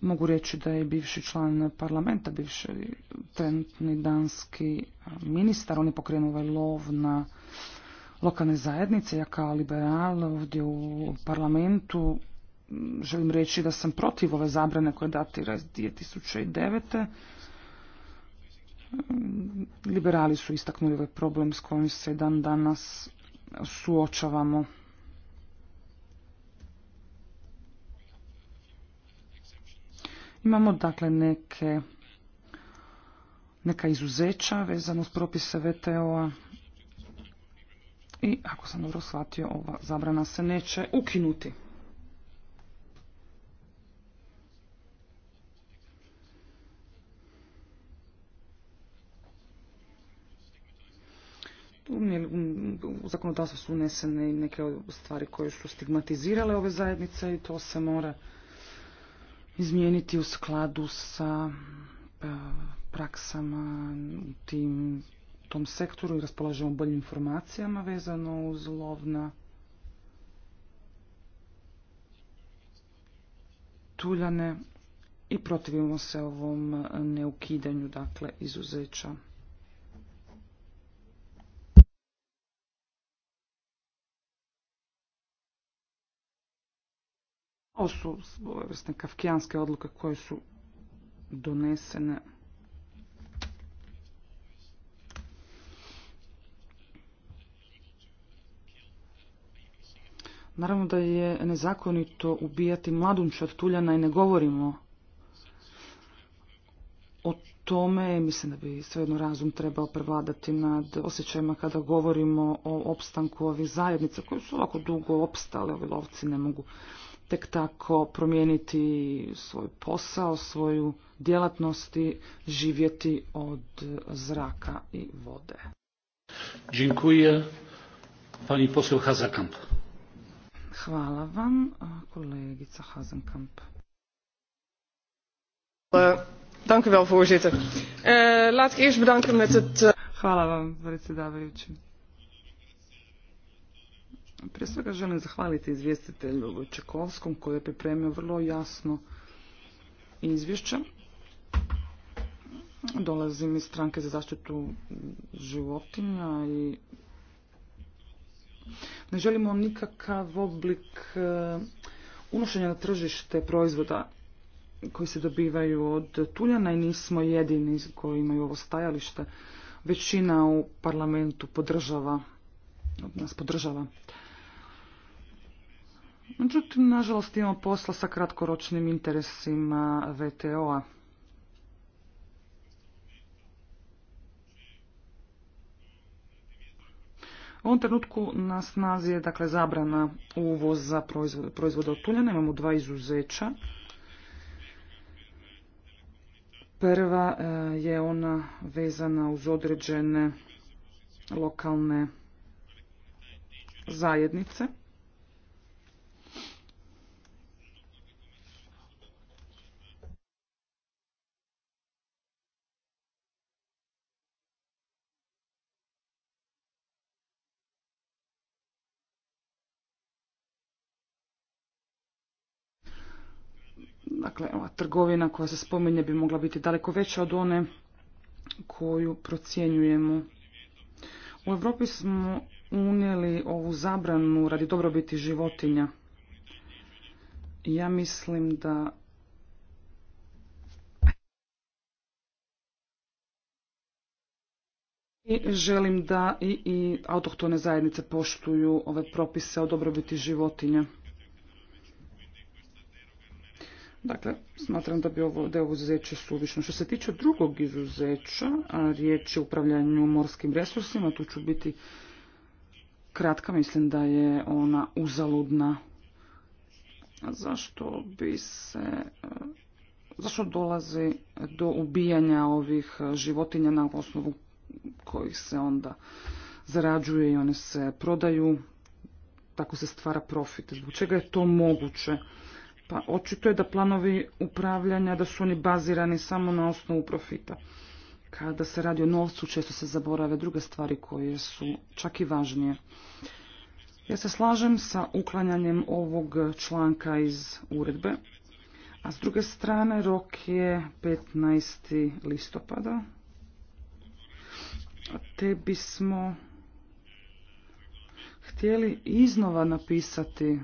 mogu reći da je bivši član parlamenta, bivši trenutni danski e, ministar, on je pokrenuo ovaj lov na lokalne zajednice, ja kao liberal ovdje u parlamentu želim reći da sam protiv ove zabrane koja datira iz 2009. Liberali su istaknuli ovaj problem s kojim se dan danas suočavamo. Imamo dakle neke neka izuzeća vezano s propise VTO-a i ako sam dobro shvatio ova zabrana se neće ukinuti. u zakonodavstvo su unesene i neke stvari koje su stigmatizirale ove zajednice i to se mora izmijeniti u skladu sa e, praksama u tom sektoru i raspolažemo boljim informacijama vezano uz lovna tuljane i protivimo se ovom neukidanju dakle izuzeća. Ovo su kafkijanske odluke koje su donesene. Naravno da je nezakonito ubijati od tuljana i ne govorimo o tome. Mislim da bi svejedno razum trebao prevladati nad osjećajima kada govorimo o opstanku ovih zajednica koje su ovako dugo opstale. Ovi lovci ne mogu tek tako promijeniti svoj posao, svoju djelatnost i živjeti od zraka i vode. Dziękuję. Pani poseł Hazakamp. Hvala vam, kolegica Hazenkamp. Eh, dank u wel, voorzitter. Uh, laat ik eerst bedanken met het... Eh, Hvala vam, predsjedavajući. Prije svega želim zahvaliti izvjestitelju Čekovskom koji je pripremio vrlo jasno izvješće. Dolazim iz stranke za zaštitu životinja i ne želimo nikakav oblik eh, unošenja na tržište proizvoda koji se dobivaju od tuljana i nismo jedini koji imaju ovo stajalište. Većina u parlamentu podržava, nas podržava Međutim, nažalost imamo posla sa kratkoročnim interesima VTO-a. U ovom trenutku na snazi je dakle zabrana uvoza proizvoda, proizvoda od tuljana. Imamo dva izuzeća. Prva e, je ona vezana uz određene lokalne zajednice. dakle, ova trgovina koja se spominje bi mogla biti daleko veća od one koju procjenjujemo. U Europi smo unijeli ovu zabranu radi dobrobiti životinja. Ja mislim da I želim da i, i autohtone zajednice poštuju ove propise o dobrobiti životinja. Dakle, smatram da bi ovo, je ovo izuzeće suvišno. Što se tiče drugog izuzeća, a riječ je o upravljanju morskim resursima, tu ću biti kratka, mislim da je ona uzaludna. Zašto bi se... Zašto dolazi do ubijanja ovih životinja na osnovu kojih se onda zarađuje i one se prodaju, tako se stvara profit. Zbog čega je to moguće? Pa očito je da planovi upravljanja, da su oni bazirani samo na osnovu profita. Kada se radi o novcu, često se zaborave druge stvari koje su čak i važnije. Ja se slažem sa uklanjanjem ovog članka iz uredbe, a s druge strane rok je 15. listopada, te bismo htjeli iznova napisati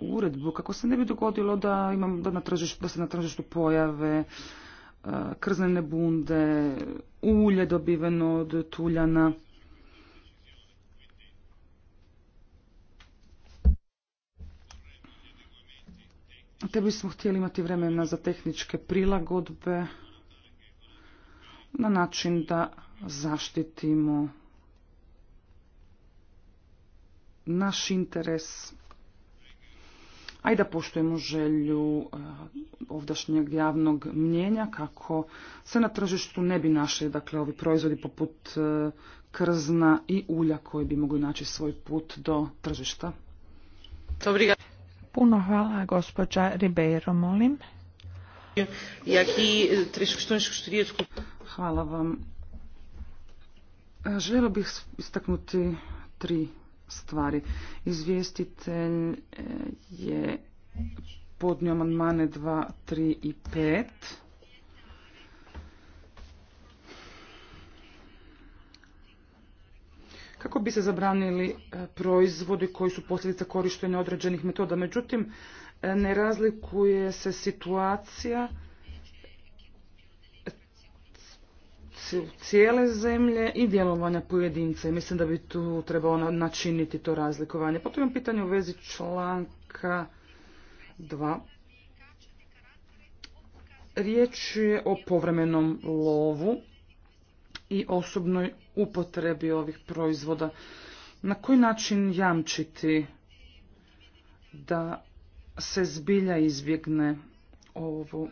uredbu kako se ne bi dogodilo da, imam, da, na da se na tržištu pojave e, krznene bunde, ulje dobiveno od tuljana. Te bismo htjeli imati vremena za tehničke prilagodbe na način da zaštitimo naš interes a i da poštujemo želju eh, ovdašnjeg javnog mnjenja kako se na tržištu ne bi našli dakle, ovi proizvodi poput eh, krzna i ulja koji bi mogli naći svoj put do tržišta. Puno hvala gospođa Ribeiro, molim. Hvala vam. Eh, Želio bih istaknuti tri stvari. Izvjestitelj eh, je podnio amandmane 2, 3 i 5. kako bi se zabranili eh, proizvodi koji su posljedica korištenja određenih metoda. Međutim, eh, ne razlikuje se situacija cijele zemlje i djelovanja pojedinca. mislim da bi tu trebalo načiniti to razlikovanje. Potom imam pitanje u vezi članka 2. Riječ je o povremenom lovu i osobnoj upotrebi ovih proizvoda. Na koji način jamčiti da se zbilja izbjegne ovu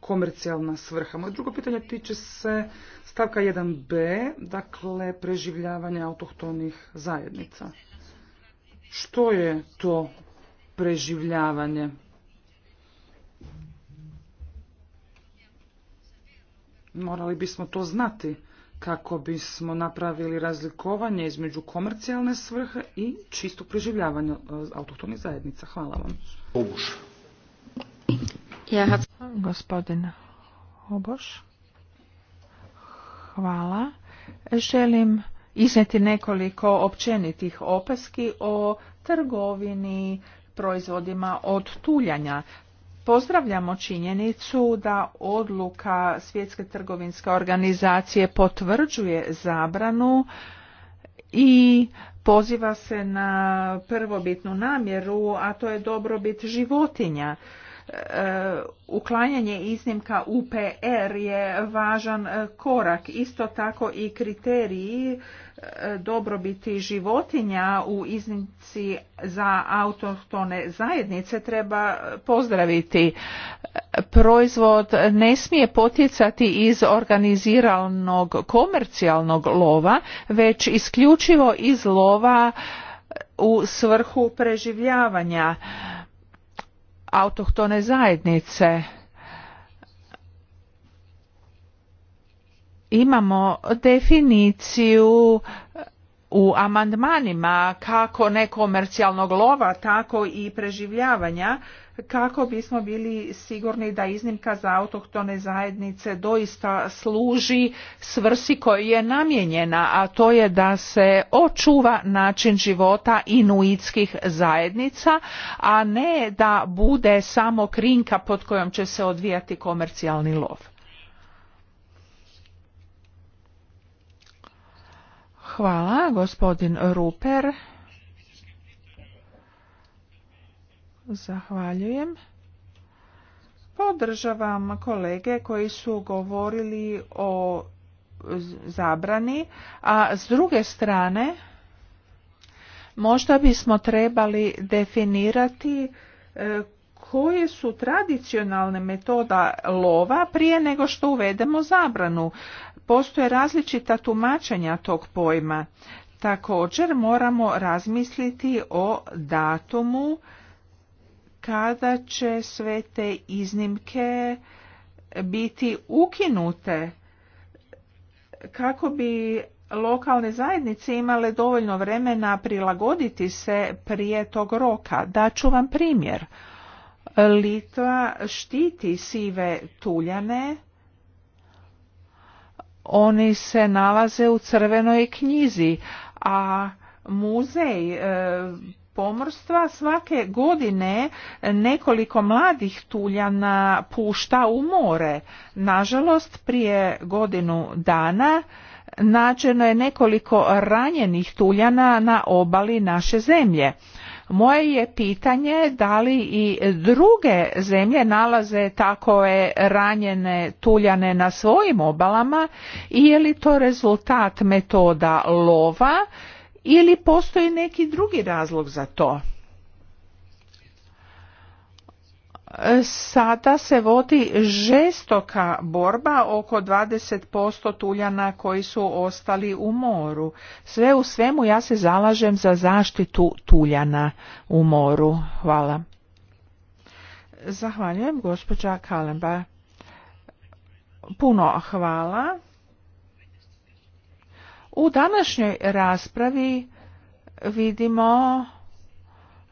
komercijalna svrha. Moje drugo pitanje tiče se stavka 1b, dakle preživljavanje autohtonih zajednica. Što je to preživljavanje? Morali bismo to znati kako bismo napravili razlikovanje između komercijalne svrhe i čistog preživljavanja e, autohtonih zajednica. Hvala vam. Ja, Gospodin Oboš. Hvala. Želim izneti nekoliko općenitih opaski o trgovini proizvodima od tuljanja. Pozdravljamo činjenicu da odluka Svjetske trgovinske organizacije potvrđuje zabranu i poziva se na prvobitnu namjeru, a to je dobrobit životinja. E, uklanjanje iznimka UPR je važan e, korak. Isto tako i kriteriji e, dobrobiti životinja u iznimci za autohtone zajednice treba pozdraviti. Proizvod ne smije potjecati iz organiziranog komercijalnog lova, već isključivo iz lova u svrhu preživljavanja autohtone zajednice. Imamo definiciju u amandmanima kako nekomercijalnog lova, tako i preživljavanja kako bismo bili sigurni da iznimka za autohtone zajednice doista služi svrsi koja je namijenjena, a to je da se očuva način života inuitskih zajednica, a ne da bude samo krinka pod kojom će se odvijati komercijalni lov. Hvala, gospodin Ruper. Zahvaljujem. Podržavam kolege koji su govorili o zabrani, a s druge strane možda bismo trebali definirati e, koje su tradicionalne metoda lova prije nego što uvedemo zabranu. Postoje različita tumačenja tog pojma. Također moramo razmisliti o datumu kada će sve te iznimke biti ukinute kako bi lokalne zajednice imale dovoljno vremena prilagoditi se prije tog roka. Daću vam primjer. Litva štiti sive tuljane. Oni se nalaze u crvenoj knjizi, a muzej e, pomorstva svake godine nekoliko mladih tuljana pušta u more. Nažalost, prije godinu dana nađeno je nekoliko ranjenih tuljana na obali naše zemlje. Moje je pitanje da li i druge zemlje nalaze takove ranjene tuljane na svojim obalama i je li to rezultat metoda lova ili postoji neki drugi razlog za to? E, sada se vodi žestoka borba oko 20% tuljana koji su ostali u moru. Sve u svemu ja se zalažem za zaštitu tuljana u moru. Hvala. Zahvaljujem gospođa Kalemba. Puno hvala. U današnjoj raspravi vidimo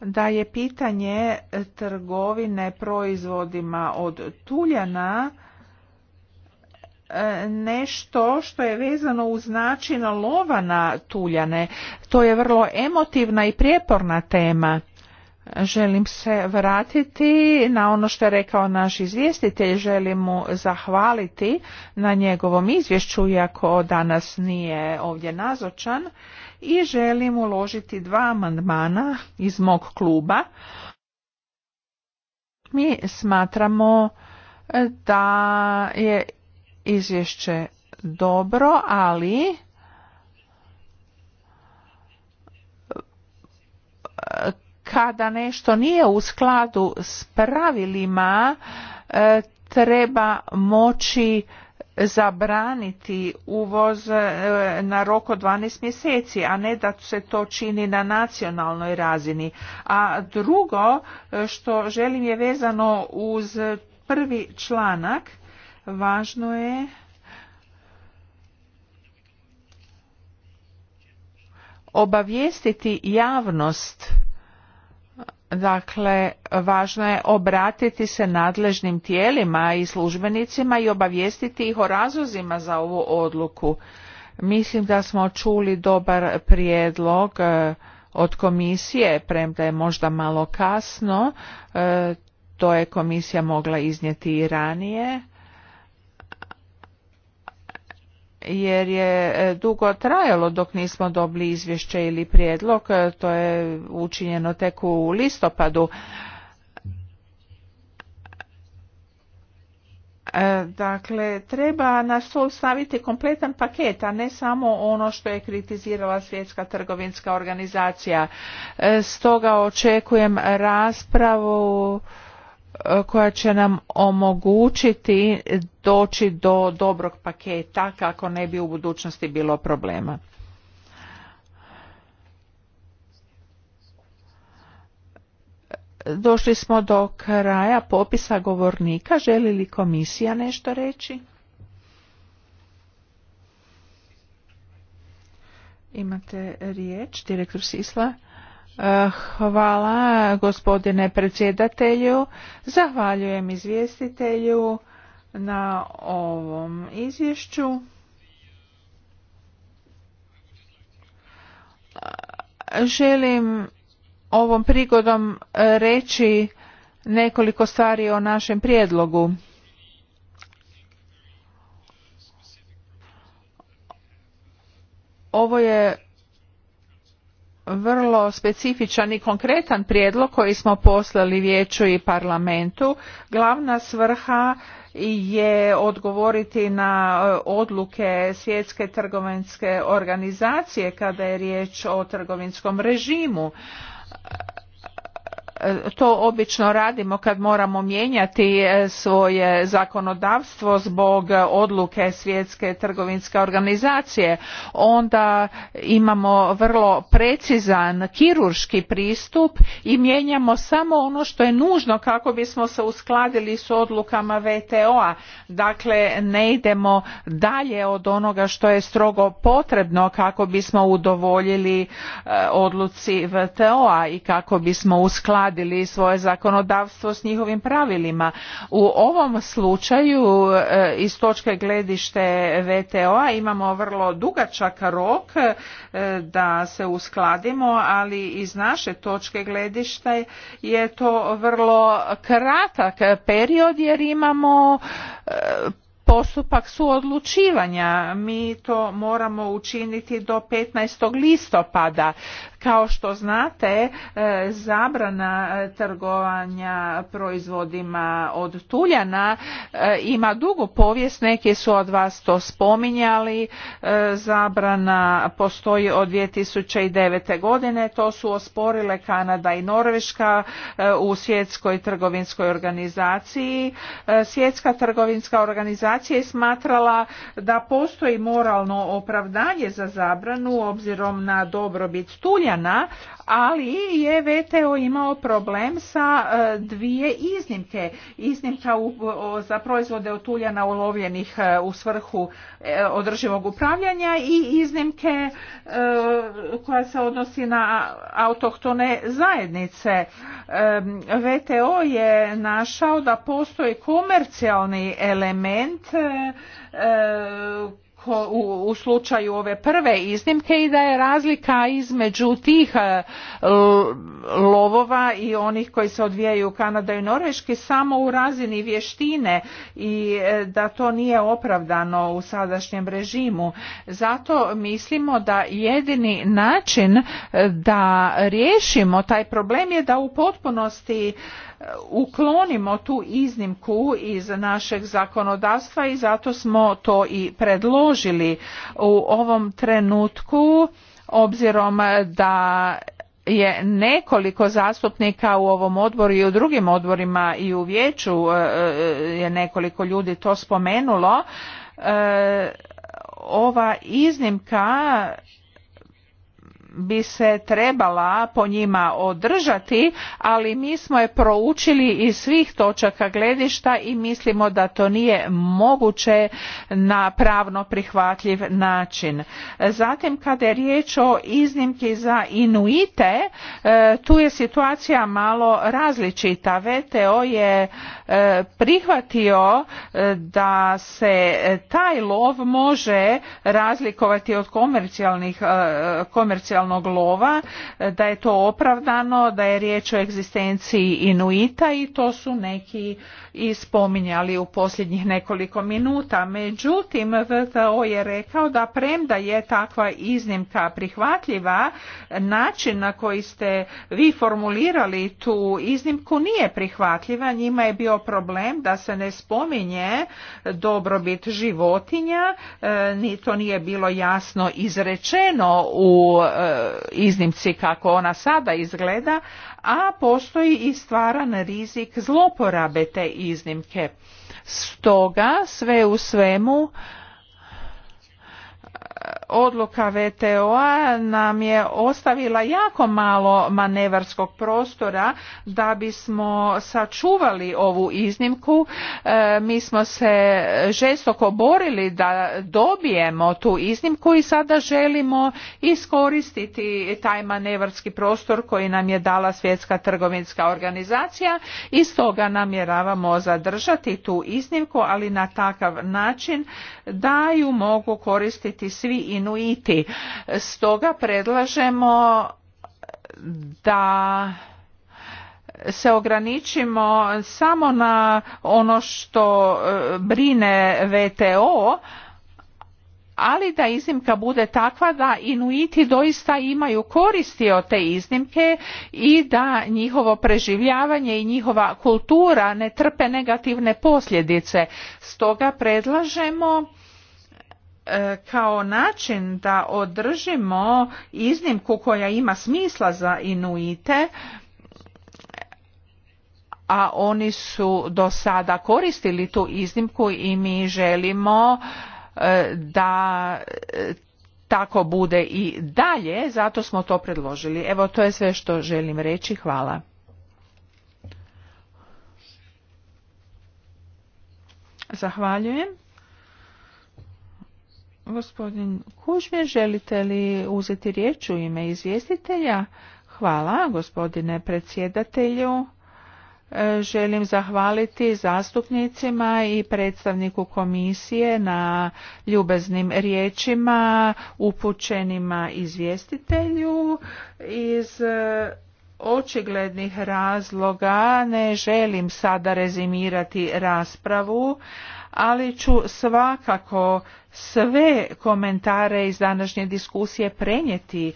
da je pitanje trgovine proizvodima od tuljana e, nešto što je vezano uz način lova na tuljane. To je vrlo emotivna i prijeporna tema. Želim se vratiti na ono što je rekao naš izvjestitelj, želim mu zahvaliti na njegovom izvješću, iako danas nije ovdje nazočan, i želim uložiti dva amandmana iz mog kluba. Mi smatramo da je izvješće dobro, ali kada nešto nije u skladu s pravilima e, treba moći zabraniti uvoz e, na rok od 12 mjeseci, a ne da se to čini na nacionalnoj razini. A drugo e, što želim je vezano uz prvi članak, važno je obavijestiti javnost Dakle, važno je obratiti se nadležnim tijelima i službenicima i obavijestiti ih o razlozima za ovu odluku. Mislim da smo čuli dobar prijedlog e, od komisije, premda je možda malo kasno, e, to je komisija mogla iznijeti i ranije. jer je e, dugo trajalo dok nismo dobili izvješće ili prijedlog, e, to je učinjeno tek u listopadu. E, dakle, treba na stol staviti kompletan paket, a ne samo ono što je kritizirala svjetska trgovinska organizacija. Stoga očekujem raspravu koja će nam omogućiti doći do dobrog paketa kako ne bi u budućnosti bilo problema. Došli smo do kraja popisa govornika. Želi li komisija nešto reći? Imate riječ, direktor Sisla. Eh, hvala gospodine predsjedatelju. Zahvaljujem izvjestitelju na ovom izvješću. Eh, želim ovom prigodom reći nekoliko stvari o našem prijedlogu. Ovo je vrlo specifičan i konkretan prijedlog koji smo poslali vijeću i parlamentu. Glavna svrha je odgovoriti na e, odluke svjetske trgovinske organizacije kada je riječ o trgovinskom režimu E, to obično radimo kad moramo mijenjati e, svoje zakonodavstvo zbog e, odluke svjetske trgovinske organizacije onda imamo vrlo precizan kirurški pristup i mijenjamo samo ono što je nužno kako bismo se uskladili s odlukama VTO-a dakle ne idemo dalje od onoga što je strogo potrebno kako bismo udovoljili odluci VTO-a i kako bismo uskladili uskladili svoje zakonodavstvo s njihovim pravilima. U ovom slučaju e, iz točke gledište VTO-a imamo vrlo dugačak rok e, da se uskladimo, ali iz naše točke gledišta je to vrlo kratak period jer imamo e, postupak suodlučivanja mi to moramo učiniti do 15. listopada kao što znate, e, zabrana e, trgovanja proizvodima od tuljana e, ima dugu povijest, neki su od vas to spominjali, zabrana postoji od 2009. godine, to su osporile Kanada i Norveška u svjetskoj trgovinskoj organizaciji. Svjetska trgovinska organizacija je smatrala da postoji moralno opravdanje za zabranu obzirom na dobrobit tuljana ali je VTO imao problem sa e, dvije iznimke. Iznimka za proizvode od uljana ulovljenih e, u svrhu e, održivog upravljanja i iznimke koja se odnosi na autohtone zajednice. VTO je našao da postoji komercijalni element u slučaju ove prve iznimke i da je razlika između tih e, lovova i onih koji se odvijaju u Kanada i Norveški samo u razini vještine i e, da to nije opravdano u sadašnjem režimu. Zato mislimo da jedini način e, da riješimo taj problem je da u potpunosti uklonimo tu iznimku iz našeg zakonodavstva i zato smo to i predložili u ovom trenutku obzirom da je nekoliko zastupnika u ovom odboru i u drugim odborima i u vijeću e, e, je nekoliko ljudi to spomenulo e, ova iznimka bi se trebala po njima održati, ali mi smo je proučili iz svih točaka gledišta i mislimo da to nije moguće na pravno prihvatljiv način. Zatim kada je riječ o iznimki za Inuite, e, tu je situacija malo različita. VTO je e, prihvatio e, da se taj lov može razlikovati od komercijalnih komercijalnih ilegalnog lova, da je to opravdano, da je riječ o egzistenciji Inuita i to su neki i spominjali u posljednjih nekoliko minuta. Međutim, VTO je rekao da premda je takva iznimka prihvatljiva, način na koji ste vi formulirali tu iznimku nije prihvatljiva. Njima je bio problem da se ne spominje dobrobit životinja, e, ni to nije bilo jasno izrečeno u e, iznimci kako ona sada izgleda, a postoji i stvaran rizik zloporabe te iznimke. Stoga sve u svemu odluka VTO-a nam je ostavila jako malo manevarskog prostora da bismo sačuvali ovu iznimku. E, mi smo se žestoko borili da dobijemo tu iznimku i sada želimo iskoristiti taj manevarski prostor koji nam je dala Svjetska trgovinska organizacija i stoga namjeravamo zadržati tu iznimku, ali na takav način da ju mogu koristiti svi inuiti. Stoga predlažemo da se ograničimo samo na ono što e, brine VTO, ali da iznimka bude takva da inuiti doista imaju koristi od te iznimke i da njihovo preživljavanje i njihova kultura ne trpe negativne posljedice. Stoga predlažemo E, kao način da održimo iznimku koja ima smisla za Inuite, a oni su do sada koristili tu iznimku i mi želimo e, da e, tako bude i dalje, zato smo to predložili. Evo, to je sve što želim reći. Hvala. Zahvaljujem. Gospodin Kužmir, želite li uzeti riječ u ime izvjestitelja? Hvala, gospodine predsjedatelju. E, želim zahvaliti zastupnicima i predstavniku komisije na ljubeznim riječima upućenima izvjestitelju iz e, očiglednih razloga ne želim sada rezimirati raspravu ali ću svakako sve komentare iz današnje diskusije prenijeti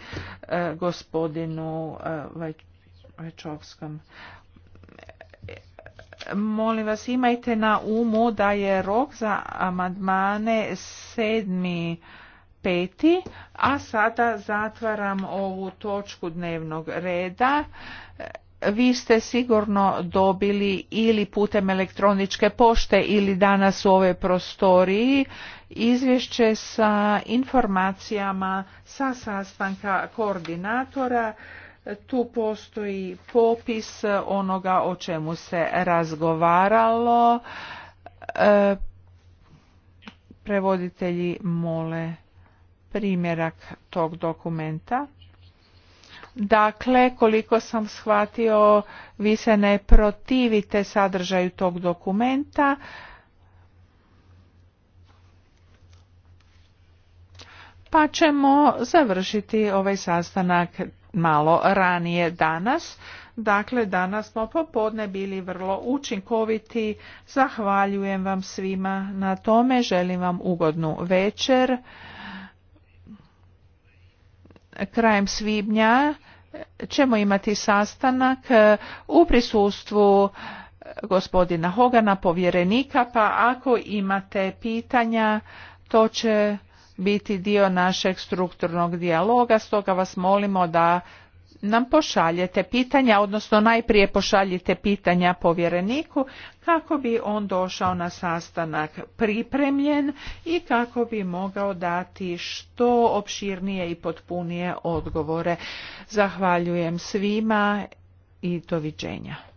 e, gospodinu e, Vajčovskom. Molim vas, imajte na umu da je rok za amandmane sedmi peti, a sada zatvaram ovu točku dnevnog reda vi ste sigurno dobili ili putem elektroničke pošte ili danas u ovoj prostoriji izvješće sa informacijama sa sastanka koordinatora. Tu postoji popis onoga o čemu se razgovaralo. E, prevoditelji mole primjerak tog dokumenta. Dakle, koliko sam shvatio, vi se ne protivite sadržaju tog dokumenta. Pa ćemo završiti ovaj sastanak malo ranije danas. Dakle, danas smo popodne bili vrlo učinkoviti. Zahvaljujem vam svima na tome, želim vam ugodnu večer krajem svibnja ćemo imati sastanak e, u prisustvu e, gospodina Hogana, povjerenika, pa ako imate pitanja, to će biti dio našeg strukturnog dijaloga, stoga vas molimo da nam pošaljete pitanja, odnosno najprije pošaljite pitanja povjereniku kako bi on došao na sastanak pripremljen i kako bi mogao dati što opširnije i potpunije odgovore. Zahvaljujem svima i doviđenja.